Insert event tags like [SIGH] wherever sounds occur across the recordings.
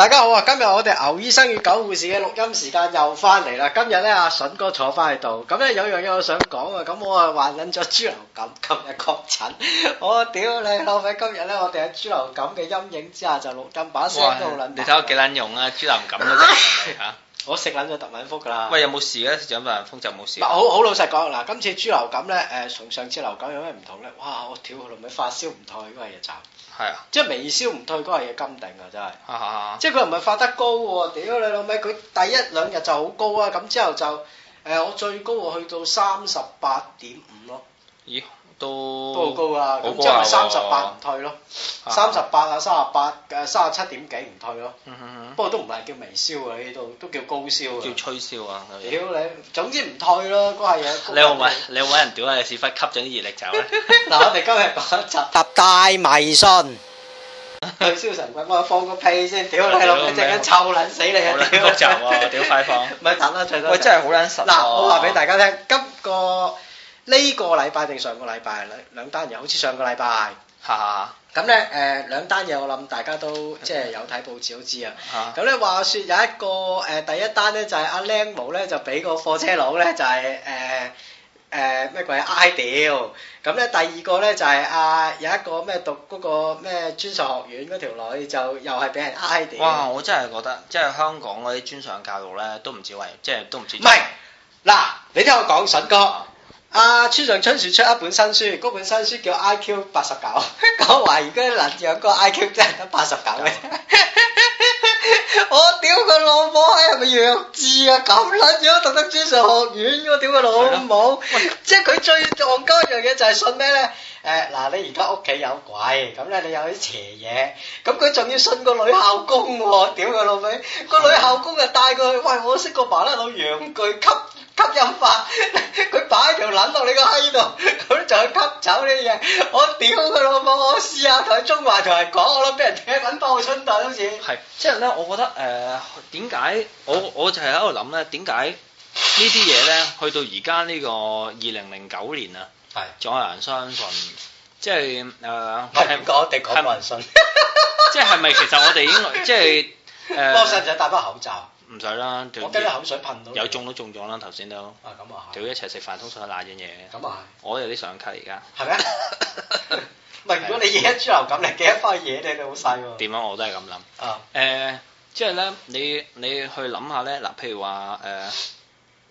大家好啊！今日我哋牛醫生與狗護士嘅錄音時間又翻嚟啦！今日咧，阿笋哥坐翻喺度，咁、嗯、咧有樣嘢我想講啊！咁、嗯、我啊患撚咗豬流感，今日確診， [LAUGHS] 我屌你老尾今日咧，我哋喺豬流感嘅陰影之下就錄音把聲都冧到，你睇我幾撚用啊！ [LAUGHS] 豬流感啊吓， [LAUGHS] [LAUGHS] 我食撚咗特敏福噶啦。喂，有冇事啊？張伯南，就冇事。好好，好老實講，嗱，今次豬流感咧，誒，同上次流感有咩唔同咧？哇！我屌你老味，發燒唔退，今日就。係是啊，即係微燒唔退，嗰個嘢金頂啊，真係 [LAUGHS] 即係佢唔係發得高喎，屌你老味，佢第一兩日就好高啊，咁之後就誒、呃，我最高啊去到三十八點五咯。咦？都都好高啊！咁即係三十八唔退咯，三十八啊三十八誒三十七點幾唔退咯。不過都唔係叫微燒啊，呢度，都叫高燒啊，叫吹燒啊！屌你，總之唔退咯，嗰下嘢。你揾你揾人屌你屎忽，吸咗啲熱力走。咧。嗱，我哋今日講一集。大迷信。佢燒神棍，我放個屁先，屌你老母，陣間臭卵死你啊！屌。複雜啊！屌快放。咪等啦，最喂，真係好卵實。嗱，我話俾大家聽，今個。呢個禮拜定上個禮拜兩兩單嘢，好似上個禮拜。吓咁咧，誒兩單嘢，嗯，我諗大家都即係有睇報紙都知啊。咁咧，話說有一個誒，呃，第一單咧就係阿靚模咧就俾個貨車佬咧就係誒誒咩鬼挨屌。咁咧第二個咧就係阿有一個咩讀嗰個咩專上學院嗰條女就又係俾人挨屌。哇！我真係覺得即係香港嗰啲專上教育咧都唔止為即係都唔止唔係嗱，你聽我講，神哥。亇 sam 2 阿村上春樹出一本新書，嗰本新書叫 I Q 八十九，我懷疑佢嗱有個 I Q 真係得八十九嘅啫。我屌個老母閪係咪弱智啊？咁撚樣讀得專上學院嘅？我屌個老母，即係佢最戇瓜一樣嘢就係信咩咧？誒，嗱，你而家屋企有鬼，咁咧你有啲邪嘢，咁佢仲要信個女校工喎？屌佢老味，個女校工就帶佢，喂，我識個麻甩佬楊巨級。吸引法，佢擺條捻落你個閪度，佢就去吸走呢啲嘢。我屌佢老母，我試下同中華台講，我都俾人聽捻爆春袋好似。係，即係咧，即係、我覺得誒，點、呃、解我我就係喺度諗咧，點解呢啲嘢咧，去到而家呢個二零零九年啊，係仲是有人相信，即係誒，我哋講，我哋講冇人是信是，即係係咪？其實我哋應該即係誒，我使唔使戴多口罩？唔使啦，我驚口水噴到，有中都中咗啦，頭先都。啊，咁啊，係。如果一齊食飯，通常都賴嘢咁啊，係。我有啲想咳而家。係咩嗎？唔係，如果你染咗豬流感， [LAUGHS] 你攰翻嘢，你你好細喎。點樣我都係咁諗。啊。誒、啊，即係咧，你你去諗下咧，嗱、呃，譬如話誒、呃，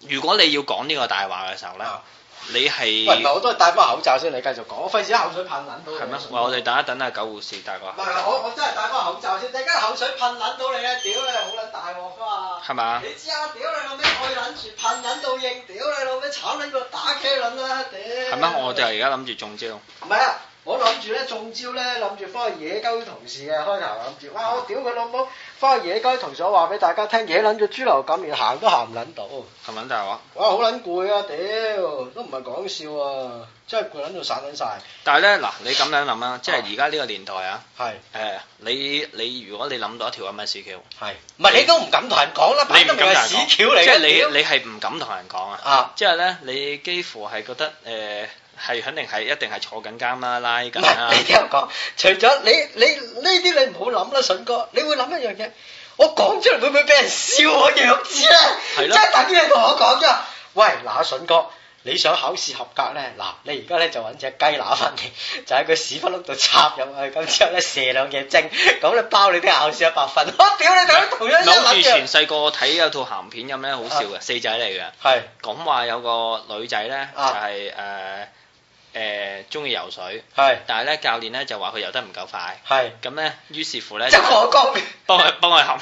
如果你要講呢個大話嘅時候咧。啊你係，唔係我都係戴翻個口罩先。你繼續講，費事口水噴撚到你。係咩嗎？喂我哋等一等啊，狗護士大哥。唔係，我我真係戴翻個口罩先。陣間口水噴撚到你啊！屌你，好撚大鑊噶嘛？係嘛吧？你知啊？屌你老咩愛撚住噴撚到應，屌你老咩炒撚到打茄撚啊！屌。係咩？我哋而家諗住中招。唔係啊！我諗住咧中招咧，諗住翻去野雞同事嘅開頭諗住，哇！我屌佢老母，翻去野雞同事，我話俾大家聽，野撚咗豬流感，連行都行唔撚到。咁撚大話？哇！好撚攰啊！屌，都唔係講笑啊，真係攰撚到散撚晒。但係咧嗱，你咁樣諗啊，即係而家呢個年代啊。係。誒，你你如果你諗到一條咁嘅屎橋，係。唔係你都唔敢同人講啦，擺明係屎橋嚟。即係你你係唔敢同人講啊。啊。即係咧，你幾乎係覺得誒。係肯定係一定係坐緊監啦。拉緊。你聽我講，除咗你你呢啲你唔好諗啦，筍哥，你會諗一樣嘢，我講出嚟會唔會俾人笑我啊？樣子咧，真係等你同我講噶。喂，嗱，筍哥，你想考試合格咧？嗱，你而家咧就搵隻雞乸翻嚟，就喺個屎忽窿度插入去，咁之後咧射兩嘢精，咁你包你啲考試一百分。我屌你，仲喺同樣一樣諗住。前細個睇有套鹹片咁咧，好笑嘅，四仔嚟嘅，係講話有個女仔咧，就係誒。誒，中意、呃、游水，係是，但係咧教練咧就話佢游得唔夠快，係是，咁咧於是乎咧就我講，幫佢幫佢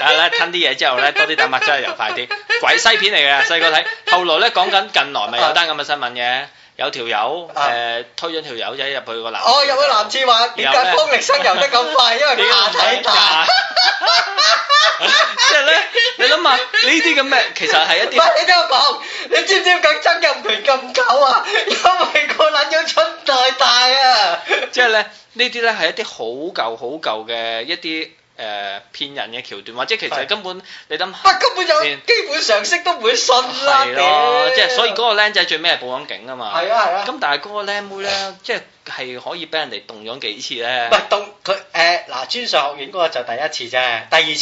但係咧吞啲嘢之後咧 [LAUGHS] 多啲蛋白質，去游快啲，鬼西片嚟嘅，細個睇，後來咧講緊近來咪有單咁嘅新聞嘅。有條友誒、呃、推咗條友仔入去男、哦、個男哦，入去男廁話，點解方力申游得咁快？因為個睇大 [LAUGHS] 即係咧，你諗下呢啲咁嘅，其實係一啲。唔，你聽我講，你知唔知咁曾入去咁久啊？因為個捻咗春袋大啊 [LAUGHS] 呢！即係咧，呢啲咧係一啲好舊好舊嘅一啲。誒，騙、呃、人嘅橋段，或者其實根本的你諗想，下，根本就基本常識都唔會信啦。咯的，即係、嗯、所以嗰個僆仔最尾係報緊警啊嘛。係啊係啊。咁但係嗰個僆妹咧，唉即係係可以俾人哋動咗幾次咧。喂，動佢誒，嗱、呃、專上學院嗰個就第一次啫，第二次，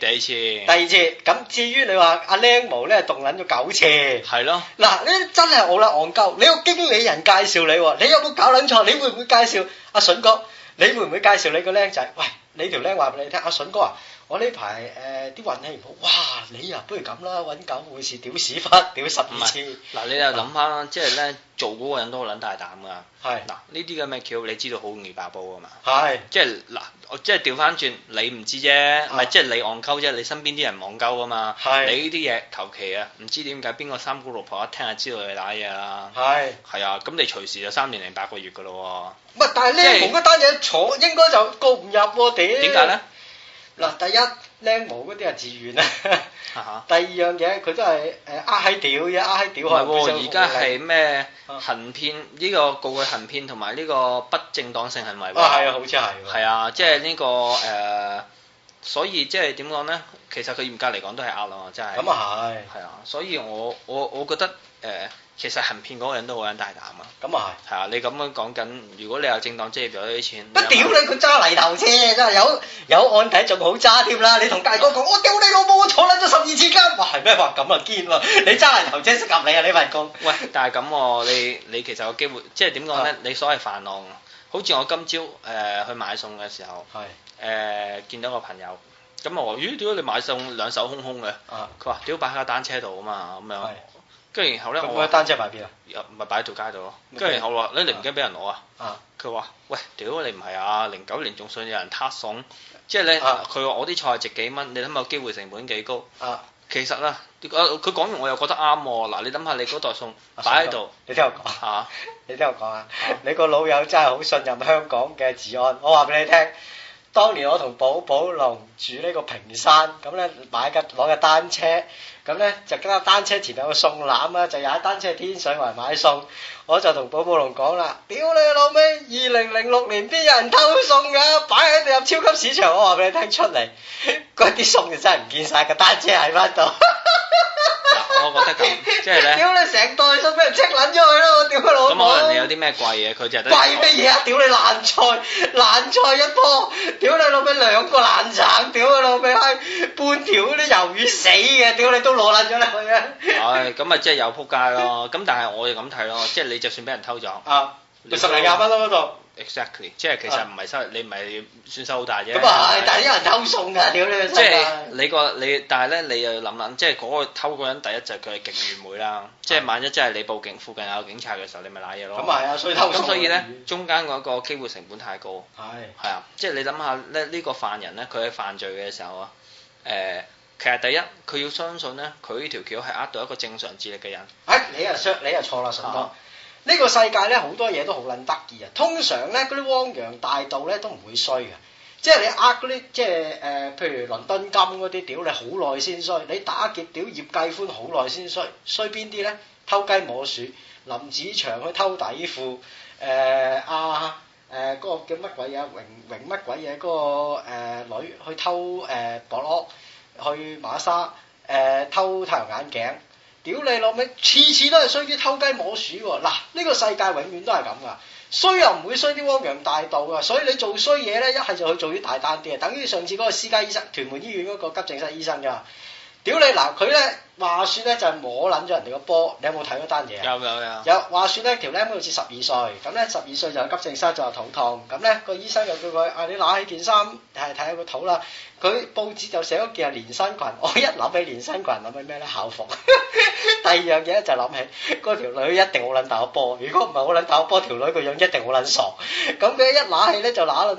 第二次，第二次。咁至於你話阿僆毛咧動捻咗九次，係咯的。嗱呢啲真係好啦，戇鳩。你個經理人介紹你，你有冇搞捻錯？你會唔會介紹阿笋哥？你會唔會介紹你個僆仔？喂！你條僆話，俾你聽，阿筍哥啊！我呢排誒啲運氣唔好，哇！你啊，不如咁啦，揾狗會是屌屎忽，屌十二次。嗱，你又諗翻啦，即係咧做嗰個人都好撚大膽噶。係。嗱，呢啲咁嘅橋你知道好容易爆煲啊嘛。係。即係嗱，我即係調翻轉，你唔知啫，唔係即係你戇鳩啫，你身邊啲人戇鳩啊嘛。係。你呢啲嘢求其啊，唔知點解邊個三姑六婆一聽下知道你打嘢啦。係。係啊，咁你隨時就三年零八個月噶咯喎。唔係，但係咧，同一單嘢坐應該就告唔入喎，點解咧？嗱，第一靚模嗰啲啊，自願啊。第二樣嘢，佢真係誒呃閪屌嘢，呃閪屌係比較而家係咩行騙呢、啊、個告佢行騙同埋呢個不正當性行為。啊，係啊，好似係。係啊，即係呢個誒、呃，所以即係點講咧？其實佢嚴格嚟講都係呃咯，真係。咁啊係。係啊，啊，啊，所以我我我覺得誒。呃其實行騙嗰個人都好人大膽啊！咁啊係，啊！你咁樣講緊，如果你有正當即係咗啲錢，不屌你想想！佢揸泥頭車，真係有有案底仲好揸添啦！你同大哥講，啊、我屌你老母，我坐捻咗十二次監！哇、啊，係咩話咁啊堅啊！你揸泥頭車適合你啊呢份工！喂，但係咁我你你其實有機會，即係點講咧？的你所謂煩惱，好似我今朝誒、呃、去買餸嘅時候，係誒的、呃、見到個朋友，咁我話咦？屌解你買餸兩手空空嘅？佢話屌擺喺個單車度啊嘛，咁樣的。的跟住然後咧，我單車擺邊啊？又咪擺喺條街度咯。跟住然後話：你唔驚俾人攞啊？啊！佢話：喂，屌你唔係啊！零九年仲信有人撻餸，即係咧佢話我啲菜值幾蚊，你諗下機會成本幾高啊？其實啦，佢講完我又覺得啱喎。嗱，你諗下你嗰袋餸擺喺度，你聽我講嚇，你聽我講啊！你個老友真係好信任香港嘅治安。我話俾你聽，當年我同寶寶龍住呢個屏山，咁咧買架攞架單車。咁咧就跟架單車前有個餸籃啦，就踩單車天水圍買餸。我就同寶寶龍講啦，屌你老味！二零零六年邊有人偷餸㗎？擺喺度入超級市場，我話俾你聽出嚟，嗰啲餸就真係唔見晒，架單車喺返度，嗱，我覺得咁，即係咧。屌你成袋餸俾人赤撚咗去啦！我屌佢老味。咁可能你有啲咩貴嘢？佢就貴咩嘢啊？屌你爛菜爛菜一樖，屌你老味兩個爛橙，屌你老味係半條嗰啲魷魚死嘅，屌你都攞爛咗佢啊！唉，咁啊即係有仆街咯。咁但係我哋咁睇咯，即係你。你就算俾人偷咗啊，十零廿蚊咯嗰度。Exactly，即係其實唔係收，你唔係算收好大啫。咁但係啲人偷送噶，屌你！即係你個你，但係咧，你又要諗諗，即係嗰個偷嗰人，第一就佢係極愚昧啦。即係萬一真係你報警，附近有警察嘅時候，你咪瀨嘢咯。咁係啊，所以偷送咁所以咧，中間嗰個機會成本太高。係。係啊，即係你諗下咧，呢個犯人咧，佢喺犯罪嘅時候啊，誒，其實第一佢要相信咧，佢呢條橋係呃到一個正常智力嘅人。你又削，你又錯啦，傻哥。呢個世界咧，好多嘢都好撚得意啊！通常咧，嗰啲汪洋大盜咧，都唔會衰嘅，即係你即呃嗰啲即係誒，譬如倫敦金嗰啲，屌，你好耐先衰；你打劫屌，葉繼歡好耐先衰，衰邊啲咧？偷雞摸鼠，林子祥去偷底褲，誒阿誒嗰個叫乜鬼嘢？榮榮乜鬼嘢？嗰、嗰個、呃、女去偷誒、呃、薄殼，去馬莎，誒、呃、偷太陽眼鏡。屌你老味，次次都係衰啲偷雞摸鼠喎、哦！嗱，呢、這個世界永遠都係咁噶，衰又唔會衰啲汪洋大盜噶，所以你做衰嘢咧，一係就去做啲大單啲啊！等於上次嗰個私家醫生，屯門醫院嗰個急症室醫生噶。屌你嗱，佢咧話説咧就摸撚咗人哋個波，你有冇睇嗰單嘢啊？有有有。有話説咧，條僆妹好似十二歲，咁咧十二歲就急症室就肚痛，咁咧個醫生就叫佢啊，你揦起件衫，係睇下個肚啦。佢報紙就寫咗件係連身裙，我一諗起連身裙，諗起咩咧校服。 [LAUGHS] 第二樣嘢就諗起嗰條、那個、女一定好撚打波，如果唔係好撚打波，條、那個、女個樣一定好撚傻。咁佢一揦起咧就揦撚。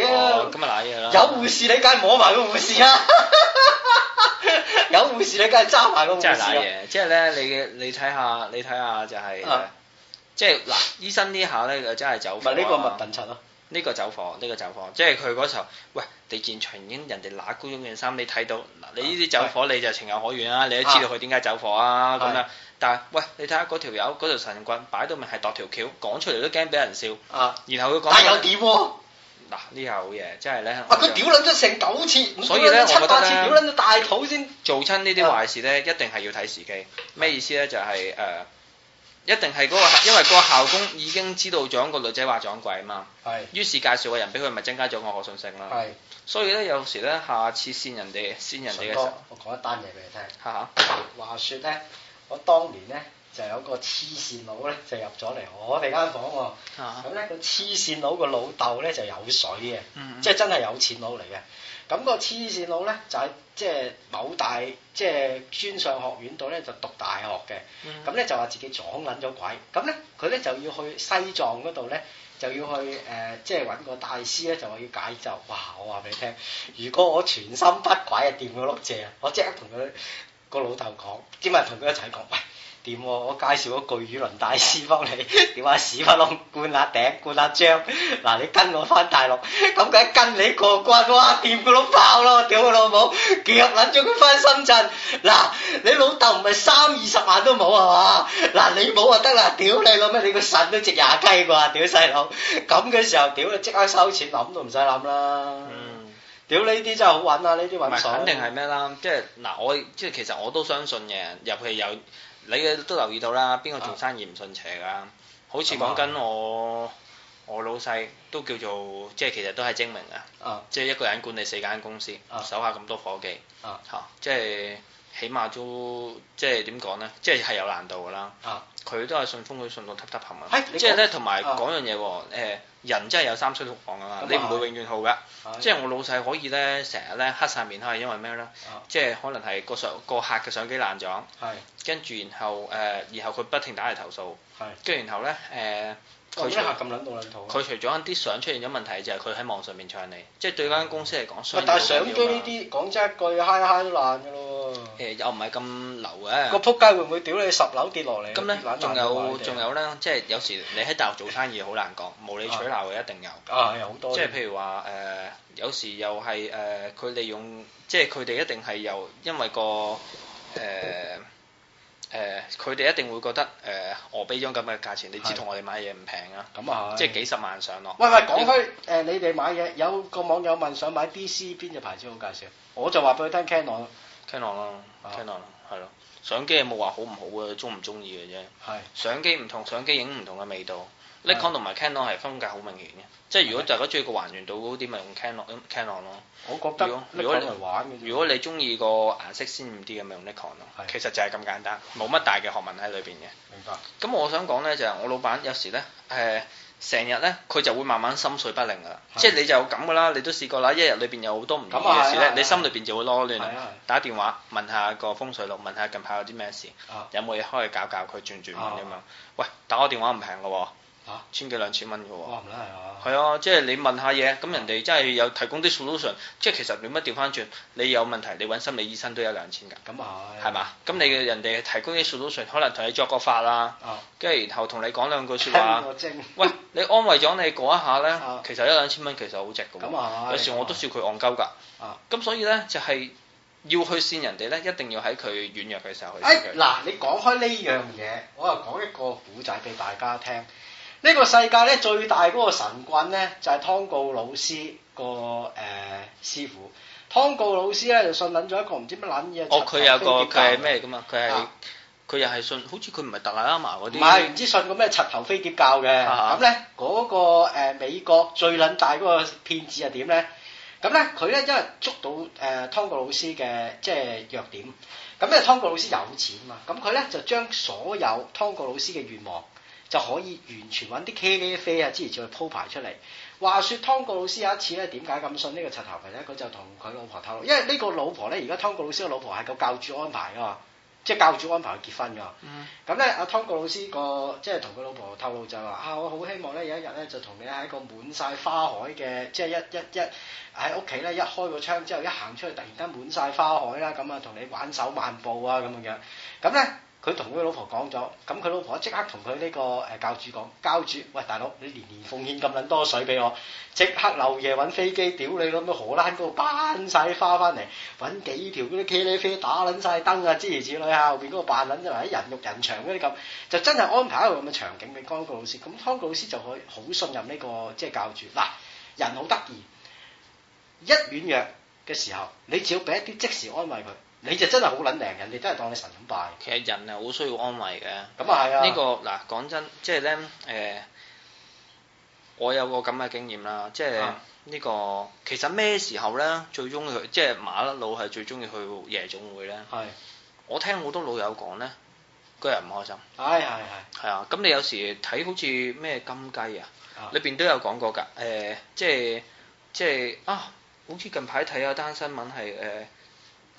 有護士你梗係摸埋、啊、 [LAUGHS] 個護士啊！有護士你梗係揸埋個護士。真係瀨嘢，即係咧，你你睇下，你睇下就係、是，啊、即係嗱，醫生下呢下咧就真係走火、啊。呢個密密診咯，呢個走火、啊，呢、這個走火、啊，即係佢嗰時候，喂，你見秦英人哋乸高咗件衫，你睇到，嗱，你呢啲走火你就情有可原啊！你都知道佢點解走火啊咁、啊、樣，是的 但係，喂，你睇下嗰條友嗰條神棍擺到明係度條橋，講出嚟都驚俾人笑。啊。然後佢講。啊！又點？嗱呢、啊、下好嘢，即係咧，佢屌撚咗成九次，五撚咗七八次，屌撚咗大肚先做親呢啲壞事咧，一定係要睇時機。咩意思咧？就係誒，一定係嗰個，因為嗰個校工已經知道咗個女仔話撞鬼啊嘛，係，於是介紹個人俾佢，咪增加咗我可信性啦。係，是 所以咧有時咧，下次先人哋、先人哋嘅時候，我講一單嘢俾你聽。嚇嚇，話説咧，我當年咧。就有個黐線佬咧，就入咗嚟我哋間房、哦、喎。咁咧、啊、個黐線佬個老豆咧就有水嘅，即係、嗯、真係有錢佬嚟嘅。咁、那個黐線佬咧就喺即係某大即係專上學院度咧就讀大學嘅。咁咧、嗯、就話自己撞撚咗鬼。咁咧佢咧就要去西藏嗰度咧就要去誒，即係揾個大師咧就話要解咒。哇！我話俾你聽，如果我全心不鬼啊，掂個碌蔗啊，我即刻同佢個老豆講，點解同佢一齊講。喂點我介紹一個語倫大師幫你，屌阿屎忽窿灌下頂，灌下漿，嗱，你跟我翻大陸，咁梗係跟你過關哇，掂佢都爆咯，屌佢老母，夾捻咗佢翻深圳，嗱，你老豆唔係三二十萬都冇係嘛，嗱，你冇就得啦，屌你老咩，你個腎都值廿雞啩，屌，細佬，咁嘅時候屌你即刻收錢，諗都唔使諗啦，屌，呢啲真係好穩啊，呢啲穩，唔肯定係咩啦，即係嗱，我即係其實我都相信嘅，入去有。你嘅都留意到啦，邊個做生意唔順邪噶？好似講緊我我老細都叫做，即係其實都係精明啊！即係一個人管理四間公司，手下咁多伙計，嚇，即係起碼都即係點講呢？即係係有難度噶啦。佢都係順風，佢順到揼揼行，嘛。即係咧，同埋講樣嘢喎，誒。人真係有三衰六旺噶嘛，就是、你唔會永遠好噶，的即係我老細可以咧，成日咧黑晒面，係因為咩咧？啊、即係可能係個相個客嘅相機爛咗，跟住的然後誒、呃，然後佢不停打嚟投訴，跟住的然後咧誒。呃佢出下咁到佢除咗啲相出現咗問題，就係佢喺網上面唱你，即係對間公司嚟講，唔係但係相機呢啲講真一句，嗨一嗨都爛嘅咯。誒、呃、又唔係咁流嘅，個仆街會唔會屌你十樓跌落嚟？咁咧，仲有仲有咧，即係有時你喺大陸做生意好難講，呃、無理取鬧嘅一定有啊。啊，有好多。即係譬如話誒、呃，有時又係誒，佢、呃、利用即係佢哋一定係有因為個誒。呃誒，佢哋、呃、一定會覺得誒，我俾張咁嘅價錢，的你知同我哋買嘢唔平啊！咁啊，即係幾十萬上落。喂喂，講開誒，為你哋買嘢有個網友問，想買 D C 邊隻牌子好介紹？我就話俾佢聽 Canon 啦、啊哦，Canon 啦，Canon 係咯，相機有冇話好唔好啊？中唔中意嘅啫。係的相機唔同，相機影唔同嘅味道。Nikon 同埋 Canon 係風格好明顯嘅，即係如果大家中意個還原度嗰啲，咪用 Canon，Canon 咯。我覺得，如果你玩嘅，如果你中意個顏色鮮豔啲咁，咪用 Nikon 咯。其實就係咁簡單，冇乜大嘅學問喺裏邊嘅。明白。咁我想講咧，就係我老闆有時咧，誒成日咧，佢就會慢慢心緒不寧噶啦。即係你就咁噶啦，你都試過啦。一日裏邊有好多唔同嘅事咧，你心裏邊就會囉亂。打電話問下個風水佬，問下近排有啲咩事，有冇嘢可以搞搞佢轉轉咁樣。喂，打我電話唔平嘅喎。千幾兩千蚊㗎喎，係啊，即係你問下嘢，咁人哋真係有提供啲 solution，即係其實你乜調翻轉，你有問題你搵心理醫生都有兩千噶，咁啊係，係嘛，咁你嘅人哋提供啲 solution，可能同你作個法啦，跟住然後同你講兩句說話，喂，你安慰咗你講一下呢？其實一兩千蚊其實好值㗎，有時我都笑佢戇鳩噶，咁所以呢，就係要去扇人哋呢，一定要喺佢軟弱嘅時候去。哎，嗱，你講開呢樣嘢，我又講一個古仔俾大家聽。呢個世界咧，最大嗰個神棍咧就係、是、湯告老師個誒、呃、師傅。湯告老師咧就信撚咗一個唔知乜撚嘢。哦，佢有個佢係咩噶嘛？佢係佢又係信，好似佢唔係達賴喇嘛嗰啲。唔係，唔知信個咩柒頭飛碟教嘅。咁咧、啊，嗰、那個、呃、美國最撚大嗰個騙子係點咧？咁咧佢咧，因為捉到誒湯、呃、告老師嘅即係弱點，咁咧湯告老師有錢啊嘛，咁佢咧就將所有湯告老師嘅願望，望。就可以完全揾啲茄喱啡啊之前再鋪排出嚟。話說湯國老師有一次咧，點解咁信呢個柒頭皮咧？佢就同佢老婆透露，因為呢個老婆咧，而家湯國老師個老婆係個教主安排㗎，即係教主安排佢結婚㗎。咁咧、嗯，阿湯國老師個即係同佢老婆透露就話，嗯、啊，我好希望咧有一日咧，就同你喺個滿晒花海嘅，即係一一一喺屋企咧，一開個窗之後，一行出去，突然間滿晒花海啦，咁啊，同你挽手漫步啊，咁樣樣。咁咧。佢同佢老婆講咗，咁佢老婆即刻同佢呢個誒教主講，教主，喂大佬，你年年奉獻咁撚多水俾我，即刻留夜揾飛機屌你咁樣，荷蘭嗰度搬曬花翻嚟，揾幾條嗰啲茄喱啡打撚晒燈啊，諸如此類啊，後邊嗰個扮撚咗埋喺人肉人牆嗰啲咁，就真係安排一個咁嘅場景俾湯谷老師，咁湯谷老師就可以好信任呢個即係教主，嗱人好得意，一軟弱嘅時候，你只要俾一啲即時安慰佢。你就真係好撚零，人哋真係當你神咁拜。其實人啊，好需要安慰嘅。咁啊係啊。呢、這個嗱，講真，nerve，即係咧，誒、呃，我有個咁嘅經驗啦，即係呢是、啊這個其實咩時候咧，最中意去，即係馬甩佬係最中意去夜總會咧。係。是啊、我聽好多老友講咧，嗰日唔開心。係係係。係啊，咁你、啊嗯、有時睇好似咩金雞啊，裏邊都有講過噶。誒、呃，即係即係啊，好似近排睇啊單新聞係誒。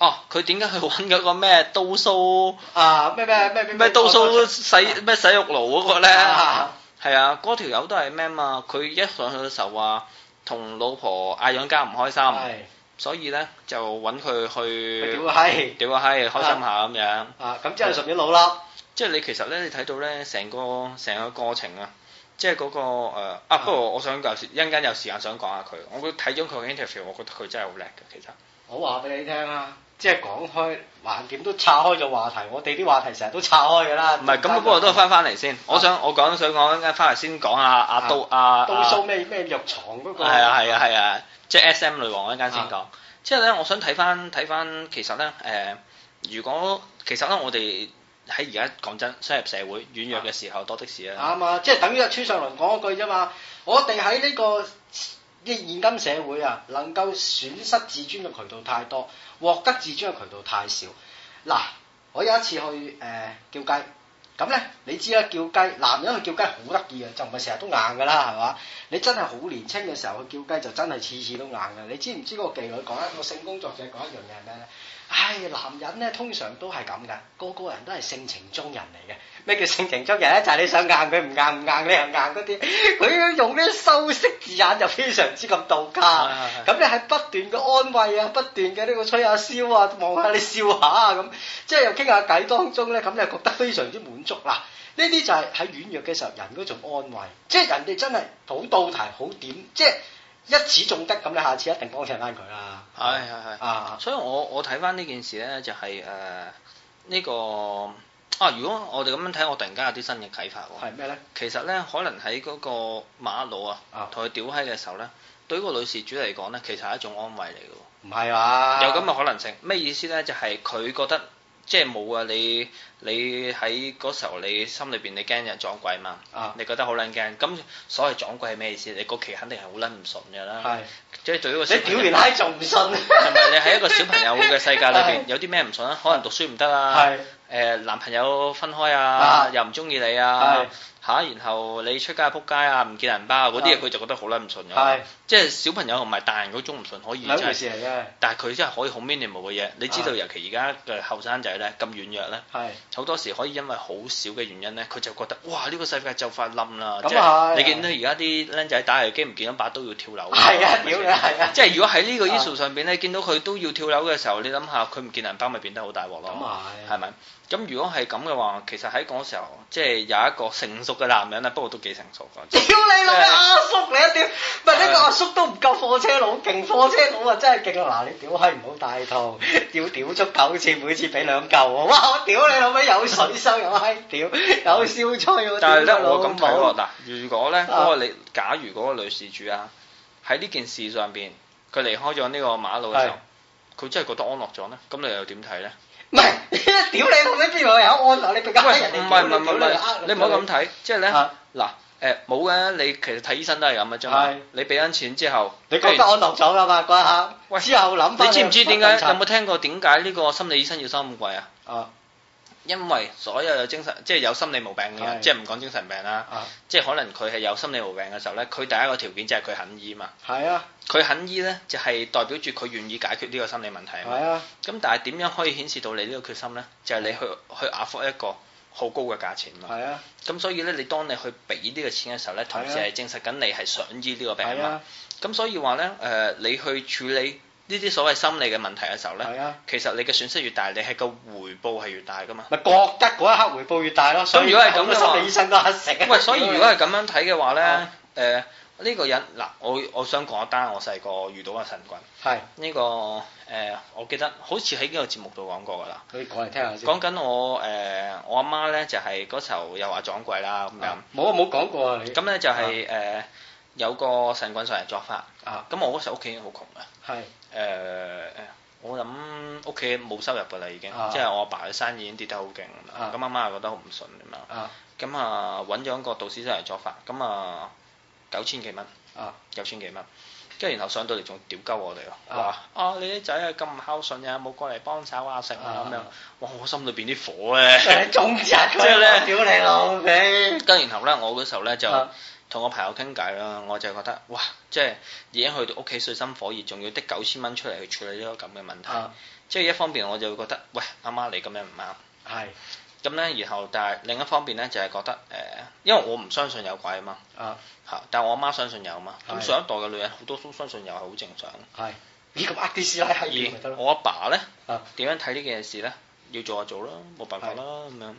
哦，佢點解去搵嗰個咩刀蘇啊咩咩咩咩咩刀蘇洗咩洗浴爐嗰個咧？係啊，嗰條友都係咩嘛？佢一上去嘅時候話同老婆嗌兩交，唔開心，的所以咧就搵佢去。屌閪，屌閪，開心下咁樣。啊，咁即係屬於老笠。即係你其實咧，你睇到咧成個成個過程啊，即係嗰、那個誒、呃、啊，不過我想有陣間有時間想講下佢，我睇咗佢個 i n t e r v i e w 我覺得佢真係好叻嘅，其實。我話俾你聽啊。即係講開橫掂都拆開咗話題，我哋啲話題成日都拆開嘅啦。唔係，咁不過都翻翻嚟先。我想我講想講一翻嚟先講下阿杜阿。杜蘇咩咩藥廠嗰個？係啊係啊係啊，即係 S M 女王一陣先講。即係咧，我想睇翻睇翻，其實咧誒，如果其實咧，我哋喺而家講真，深入社會軟弱嘅時候多的士啊。啱啊，即係等於阿村上龍講嗰句啫嘛，我哋喺呢個。啲現今社會啊，能夠損失自尊嘅渠道太多，獲得自尊嘅渠道太少。嗱，我有一次去誒、呃、叫雞，咁咧你知啦，叫雞男人去叫雞好得意嘅，就唔係成日都硬嘅啦，係嘛？你真係好年青嘅時候去叫雞，就真係次次都硬嘅。你知唔知嗰個妓女講，一個性工作者講一樣嘢係咩咧？唉、哎，男人咧通常都係咁噶，個個人都係性情中人嚟嘅。咩叫性情中人咧？就係、是、你想硬佢唔硬唔硬，你又硬嗰啲。佢用啲修飾字眼就非常之咁道家。咁你喺不斷嘅安慰啊，不斷嘅呢個吹下簫啊，望下你笑下啊咁，即係又傾下偈當中咧，咁咧覺得非常之滿足。啦，呢啲就係喺軟弱嘅時候人嗰種安慰。即係人哋真係好道題，好點即係。一次仲得咁，你下次一定幫襯翻佢啦。係係係。啊，所以我我睇翻呢件事咧，就係誒呢個啊。如果我哋咁樣睇，我突然間有啲新嘅啟發喎。係咩咧？其實咧，可能喺嗰個馬佬啊，同佢屌閪嘅時候咧，對呢個女事主嚟講咧，其實係一種安慰嚟嘅。唔係啊，有咁嘅可能性。咩意思咧？就係、是、佢覺得。即係冇啊！你你喺嗰時候，你心裏邊你驚人撞鬼嘛？啊、嗯！你覺得好撚驚？咁所謂撞鬼係咩意思？你個期肯定係好撚唔順嘅啦。係是，即係對於個小朋友你屌連拉仲唔順，係咪？你喺一個小朋友嘅、啊、世界裏邊， [LAUGHS] 是有啲咩唔順啊？可能讀書唔得啊，係誒是、呃，男朋友分開啊，啊又唔中意你啊。是樣吓、啊，然後你出街撲街啊，唔見銀包啊，嗰啲嘢佢就覺得好撚唔順嘅。是即係小朋友同埋大人嗰種唔順可以兩回事嚟嘅。但係佢真係可以好 minimal 嘅嘢。你知道尤其而家嘅後生仔咧咁軟弱咧，係好是多時可以因為好少嘅原因咧，佢就覺得哇呢、這個世界就快冧啦。即啊！你到見到而家啲僆仔打遊戲機唔見銀包都要跳樓。係啊，屌係啊！即係如果喺呢個 issue 上邊咧，見到佢都要跳樓嘅時候，你諗下佢唔見銀包咪變得好大鑊咯？咁係咪？咁如果係咁嘅話，其實喺嗰時候即係有一個成熟嘅男人啦，不過都幾成熟。屌你老味阿叔，你一屌！唔係呢個阿叔都唔夠貨車佬勁，貨車佬啊真係勁啊！嗱，你屌閪唔好大肚，要屌足九次，每次俾兩嚿。哇！我屌你老味有水收，有閪屌有燒菜。但係咧，我咁睇落嗱，如果咧嗰個你，假如嗰個女事主啊，喺呢件事上邊，佢離開咗呢個馬路嘅時候，佢真係覺得安樂咗咧，咁你又點睇咧？唔係，屌你老味邊個有安樂？你更加人哋唔會屌你，你唔好咁睇，即係咧嗱，誒冇嘅，你其實睇醫生都係咁嘅，就係你俾緊錢之後，你覺得安樂咗啦嘛？嗰下之後諗翻，你知唔知點解？有冇聽過點解呢個心理醫生要收咁貴啊？啊！因為所有有精神即係有心理毛病嘅人，的即係唔講精神病啦，的即係可能佢係有心理毛病嘅時候咧，佢第一個條件就係佢肯醫嘛。係啊的，佢肯醫咧就係、是、代表住佢願意解決呢個心理問題啊。係啊的，咁但係點樣可以顯示到你呢個決心咧？就係、是、你去的去壓付一個好高嘅價錢嘛。係啊的，咁所以咧，你當你去俾呢個錢嘅時候咧，同時係證實緊你係想醫呢個病啊。係咁所以話咧，誒的，你去處理。呢啲所謂心理嘅問題嘅時候咧，其實你嘅損失越大，你係個回報係越大噶嘛。咪覺得嗰一刻回報越大咯。所以如果係咁啊，心理醫生都乞食。喂，所以如果係咁樣睇嘅話咧，誒呢個人嗱，我我想講一單我細個遇到嘅神棍，係。呢個誒，我記得好似喺呢個節目度講過噶啦。可以講嚟聽下先。講緊我誒，我阿媽咧就係嗰時候又話撞鬼啦咁樣。冇冇講過啊你。咁咧就係誒有個神棍上嚟作法。啊。咁我嗰時屋企已經好窮啊。係。誒，uh, 我諗屋企冇收入㗎啦，已經，即係我阿爸嘅生意已經跌得好勁，咁阿媽又覺得好唔順㗎嘛，咁啊揾咗個道士出嚟作法，咁啊九千幾蚊，九千幾蚊，跟住然後上到嚟仲屌鳩我哋咯，話、mm. 啊、你啲仔咁孝順呀，冇過嚟幫手啊食成咁樣，哇我心裏邊啲火咧，係你中邪㗎啦，屌你老屎，跟住然後咧，我嗰時候咧就。Mm. 同我朋友傾偈啦，我就係覺得，哇，即係已經去到屋企水深火熱，仲要滴九千蚊出嚟去處理呢個咁嘅問題，即係一方面我就會覺得，喂，阿媽你咁樣唔啱，係，咁咧，然後但係另一方面咧就係覺得，誒，因為我唔相信有鬼啊嘛，啊，嚇，但我阿媽相信有啊嘛，咁上一代嘅女人好多都相信有係好正常，係，呢咁呃啲師奶係我阿爸咧，點樣睇呢件事咧？要做就做啦，冇辦法啦，咁樣。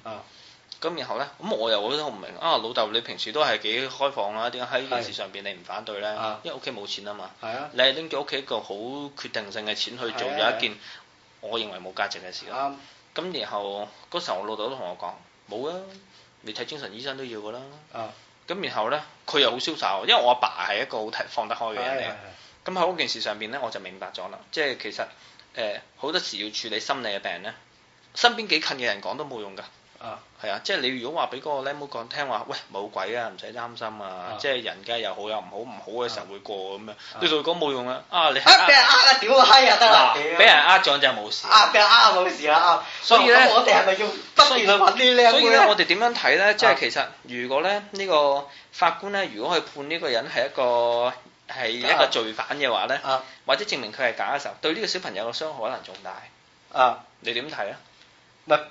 咁然後咧，咁我又覺得好唔明啊！老豆，你平時都係幾開放啦，點解喺呢件事上邊你唔反對咧？的因為屋企冇錢啊嘛。係的啊，你係拎咗屋企一個好決定性嘅錢去做咗一件，我認為冇價值嘅事。啱。咁然後嗰時候，我老豆都同我講冇啊，你睇精神醫生都要噶啦。咁的然後咧，佢又好瀟灑，因為我阿爸係一個好睇放得開嘅人嚟。咁喺嗰件事上邊咧，我就明白咗啦。即係其實誒好、呃、多時要處理心理嘅病咧，身邊幾近嘅人講都冇用㗎。啊，係啊，即係你如果話俾嗰個僆妹講聽話，喂冇鬼啊，唔使擔心啊，即係人家又好又唔好，唔好嘅時候會過咁樣，對佢講冇用啊，啊你，俾人呃啊，屌個閪啊得啦，俾人呃咗就冇事，啊俾人呃冇事啦，所以咧我哋係咪要不斷去揾啲僆妹咧？我哋點樣睇咧？即係其實如果咧呢個法官咧，如果佢判呢個人係一個係一個罪犯嘅話咧，或者證明佢係假嘅時候，對呢個小朋友嘅傷害可能仲大啊？你點睇啊？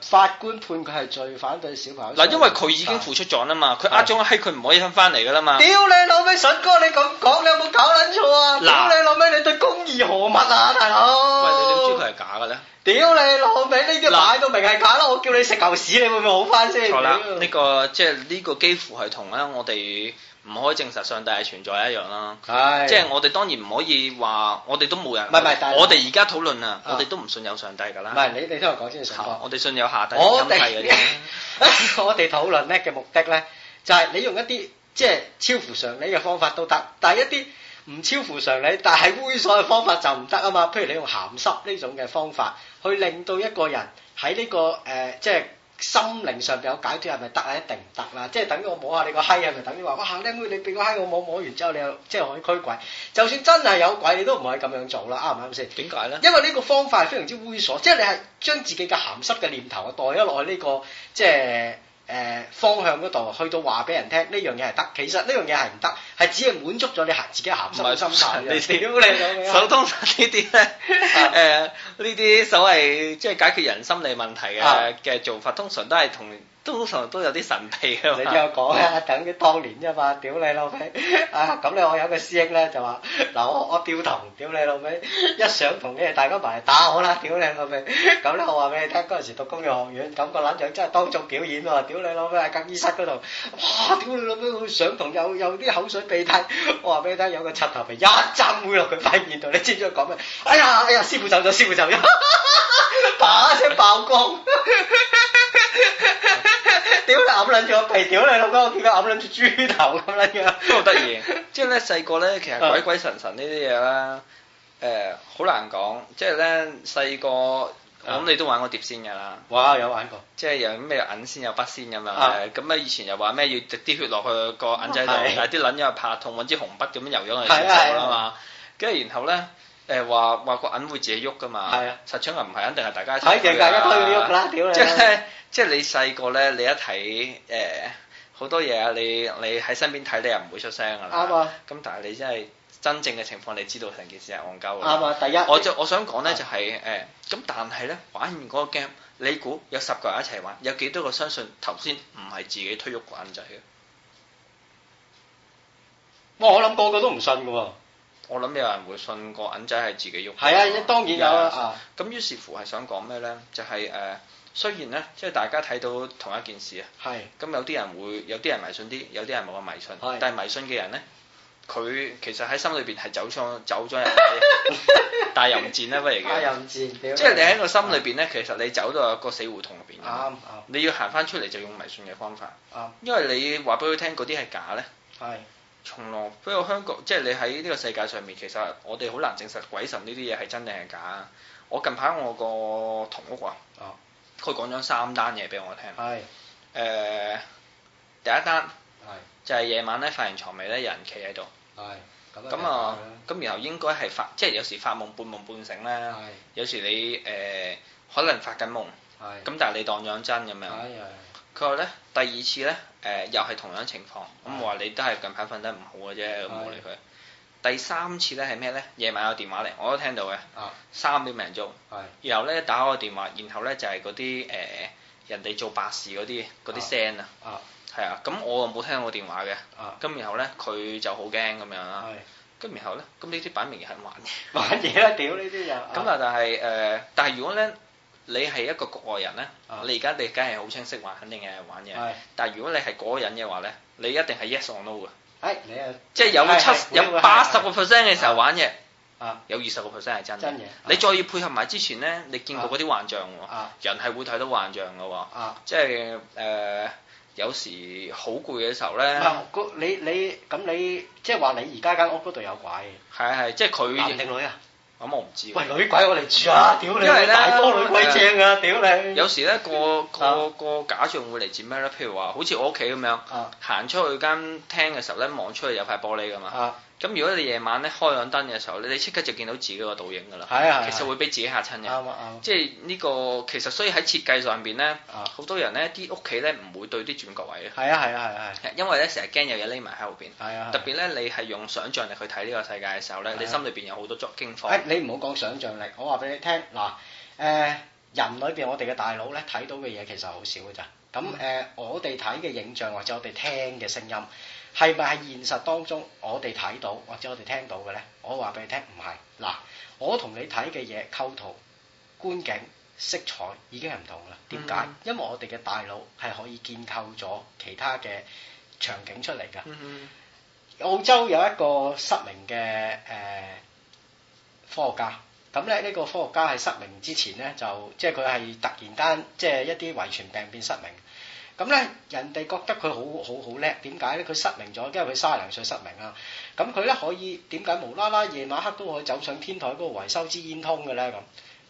法官判佢係罪，反對小朋友。嗱，因為佢已經付出咗啦嘛，佢呃咗個佢唔可以翻翻嚟噶啦嘛。屌你老味筍哥，你咁講，你有冇搞捻錯啊？屌，屌你老味，你對公義何物啊，大佬？喂，你點知佢係假嘅咧？屌你老味，呢啲擺到明係假啦！屌我叫你食牛屎，你會唔會好翻先？呢、這個即係呢個幾乎係同咧我哋唔可以證實上帝係存在一樣啦，的即係我哋當然唔可以話，我哋都冇人，唔係唔係，我哋而家討論啊，我哋都唔信有上帝㗎啦。唔係你你聽我講先，上帝是。我哋信有下帝安排嗰啲。 [LAUGHS] 我哋討論咧嘅目的咧，就係、是、你用一啲即係超乎常理嘅方法都得，但係一啲唔超乎常理但係猥瑣嘅方法就唔得啊嘛。譬如你用鹹濕呢種嘅方法去令到一個人喺呢、這個誒、呃呃呃呃、即係。呃心靈上邊有解脫係咪得啊？一定唔得啦，即係等於我摸下你個閪啊，咪等於話哇，靚妹你俾個閪我摸，摸完之後，你又即係可以驅鬼。就算真係有鬼，你都唔可以咁樣做啦，啱唔啱先？點解咧？因為呢個方法係非常之猥瑣，即係你係將自己嘅鹹濕嘅念頭啊代咗落去呢、這個即係。誒、呃、方向嗰度去到話俾人聽呢樣嘢係得。其實呢樣嘢係唔得。係只係滿足咗你鹹自己狠心嘅是心態嘅。屌你咁樣，通常呢啲咧，誒、 [LAUGHS] 呃，呢啲所謂即係解決人心理問題嘅嘅 [LAUGHS] 做法，通常都係同。通常都，都有啲神秘嘅嘛，你知我講啊？等於當年啫嘛，屌你老味啊！咁咧我有個師兄咧就話，嗱我我吊堂，屌你老味，一上堂你哋大家埋嚟打我啦，屌你老味！咁咧我話俾你聽，嗰陣時讀工業學院，咁個捻樣真係當眾表演喎，屌你老味喺更衣室嗰度，哇！屌你老味上堂有有啲口水鼻涕，我話俾你聽有個擦頭皮一陣會落佢塊面度，你知唔知佢講咩？哎呀哎呀，師傅走咗，師傅走咗，把聲爆光。 [LAUGHS] [LAUGHS] 屌你咬卵住我鼻！屌你老哥，我見到咬卵住豬頭咁卵嘅，都好得意。即係咧細個咧，其實鬼鬼神神呢啲嘢啦，誒，好難講。即係咧細個，我諗你都玩過碟仙噶啦？哇，有玩過。即係有咩銀仙有筆仙咁樣，咁咧以前又話咩要滴啲血落去個銀仔度，但係啲卵又怕痛，揾支紅筆咁樣游咗去接啦嘛。跟住然後咧。誒，話話個銀會自己喐噶嘛？係啊，實情又唔係，肯定係大家睇嘅、啊，大家推喐噶啦，屌即係即係你細個咧，你一睇誒好多嘢啊！你你喺身邊睇，你又唔會出聲噶啦。啱咁、啊、但係你真係真正嘅情況，你知道成件事係戇鳩噶啱啊，第一。我我我想講咧就係、是、誒，咁、啊、但係咧玩完嗰個 game，你估有十個人一齊玩，有幾多個相信頭先唔係自己推喐個銀仔嘅？哇！我諗個個都唔信噶喎。我諗有人會信個銀仔係自己喐嘅，係啊，當然有啦。咁於是乎係想講咩咧？就係誒，雖然咧，即係大家睇到同一件事啊。係。咁有啲人會，有啲人迷信啲，有啲人冇咁迷信。但係迷信嘅人咧，佢其實喺心裏邊係走錯走咗入嚟，但係又唔賤啦，乜嘢嘅？又唔賤，即係你喺個心裏邊咧，其實你走到一個死胡同入邊。啱。你要行翻出嚟，就用迷信嘅方法。啱。因為你話俾佢聽嗰啲係假咧。係。從來不過香港，即係你喺呢個世界上面，其實我哋好難證實鬼神呢啲嘢係真定係假。我近排我個同屋啊，佢講咗三單嘢俾我聽。係。誒，第一單就係夜晚咧，發現床尾咧，有人企喺度。係。咁啊，咁然後應該係發，即係有時發夢半夢半醒啦。有時你誒可能發緊夢，咁但係你當樣真咁樣。佢話咧第二次咧誒、呃、又係同樣情況，咁我話你都係近排瞓得唔好嘅啫，咁我理佢。第三次咧係咩咧？夜晚有電話嚟，我都聽到嘅。啊，uh, 三點零鐘。係。Uh, 然後咧打我個電話，然後咧就係嗰啲誒人哋做白事嗰啲啲聲 uh, uh, 啊。啊。係啊，咁我又冇聽到我電話嘅。啊。咁然後咧佢就好驚咁樣啦。係。咁然後咧，咁、uh, 呢啲擺明係玩嘢。玩嘢啦！屌呢啲人。咁啊，但係誒、呃，但係如果咧。你係一個局外人咧，你而家你梗係好清晰玩，肯定係玩嘢。但係如果你係嗰個人嘅話咧，你一定係 yes or no 噶。係，你啊，即係有七有八十個 percent 嘅時候玩嘢，有二十個 percent 係真嘅。你再要配合埋之前咧，你見到嗰啲幻象喎，人係會睇到幻象嘅喎，即係誒有時好攰嘅時候咧。你你咁你即係話你而家間屋嗰度有鬼？係係，即係佢。男定女啊？咁我唔知。喂，女鬼、哎、我嚟住啊！屌你，因為大多女鬼正啊，屌的你。有時咧、那個啊，個個個假象會嚟自咩咧？譬如話好似我屋企咁樣，行、啊、出去間廳嘅時候咧，望出去有塊玻璃噶嘛。啊咁如果你夜晚咧開兩燈嘅時候咧，你即刻就見到自己個倒影㗎啦。係是啊，其實會俾自己嚇親嘅。啱啱是、啊這個。即係呢個其實所以喺設計上邊咧，好是、啊、多人咧啲屋企咧唔會對啲轉角位嘅。係啊係啊係啊。因為咧成日驚有嘢匿埋喺後邊。係是啊。特別咧你係用想像力去睇呢個世界嘅時候咧，是啊、你心裏邊有好多捉驚慌。誒、啊、你唔好講想像力，我話俾你聽嗱誒人裏邊我哋嘅大腦咧睇到嘅嘢其實好少㗎咋。咁誒、呃、我哋睇嘅影像或者我哋聽嘅聲音。係咪喺現實當中我哋睇到或者我哋聽到嘅咧？我話俾你聽，唔係。嗱，我同你睇嘅嘢構圖、觀景、色彩已經係唔同啦。點解？Mm hmm. 因為我哋嘅大腦係可以建構咗其他嘅場景出嚟㗎。Mm hmm. 澳洲有一個失明嘅誒、呃、科學家，咁咧呢、這個科學家係失明之前咧，就即係佢係突然間即係一啲遺傳病變失明。咁咧，人哋覺得佢好好好叻，點解咧？佢失明咗，因為佢沙眼所以失明啊。咁佢咧可以點解無啦啦夜晚黑都可以走上天台嗰個維修支煙通嘅咧？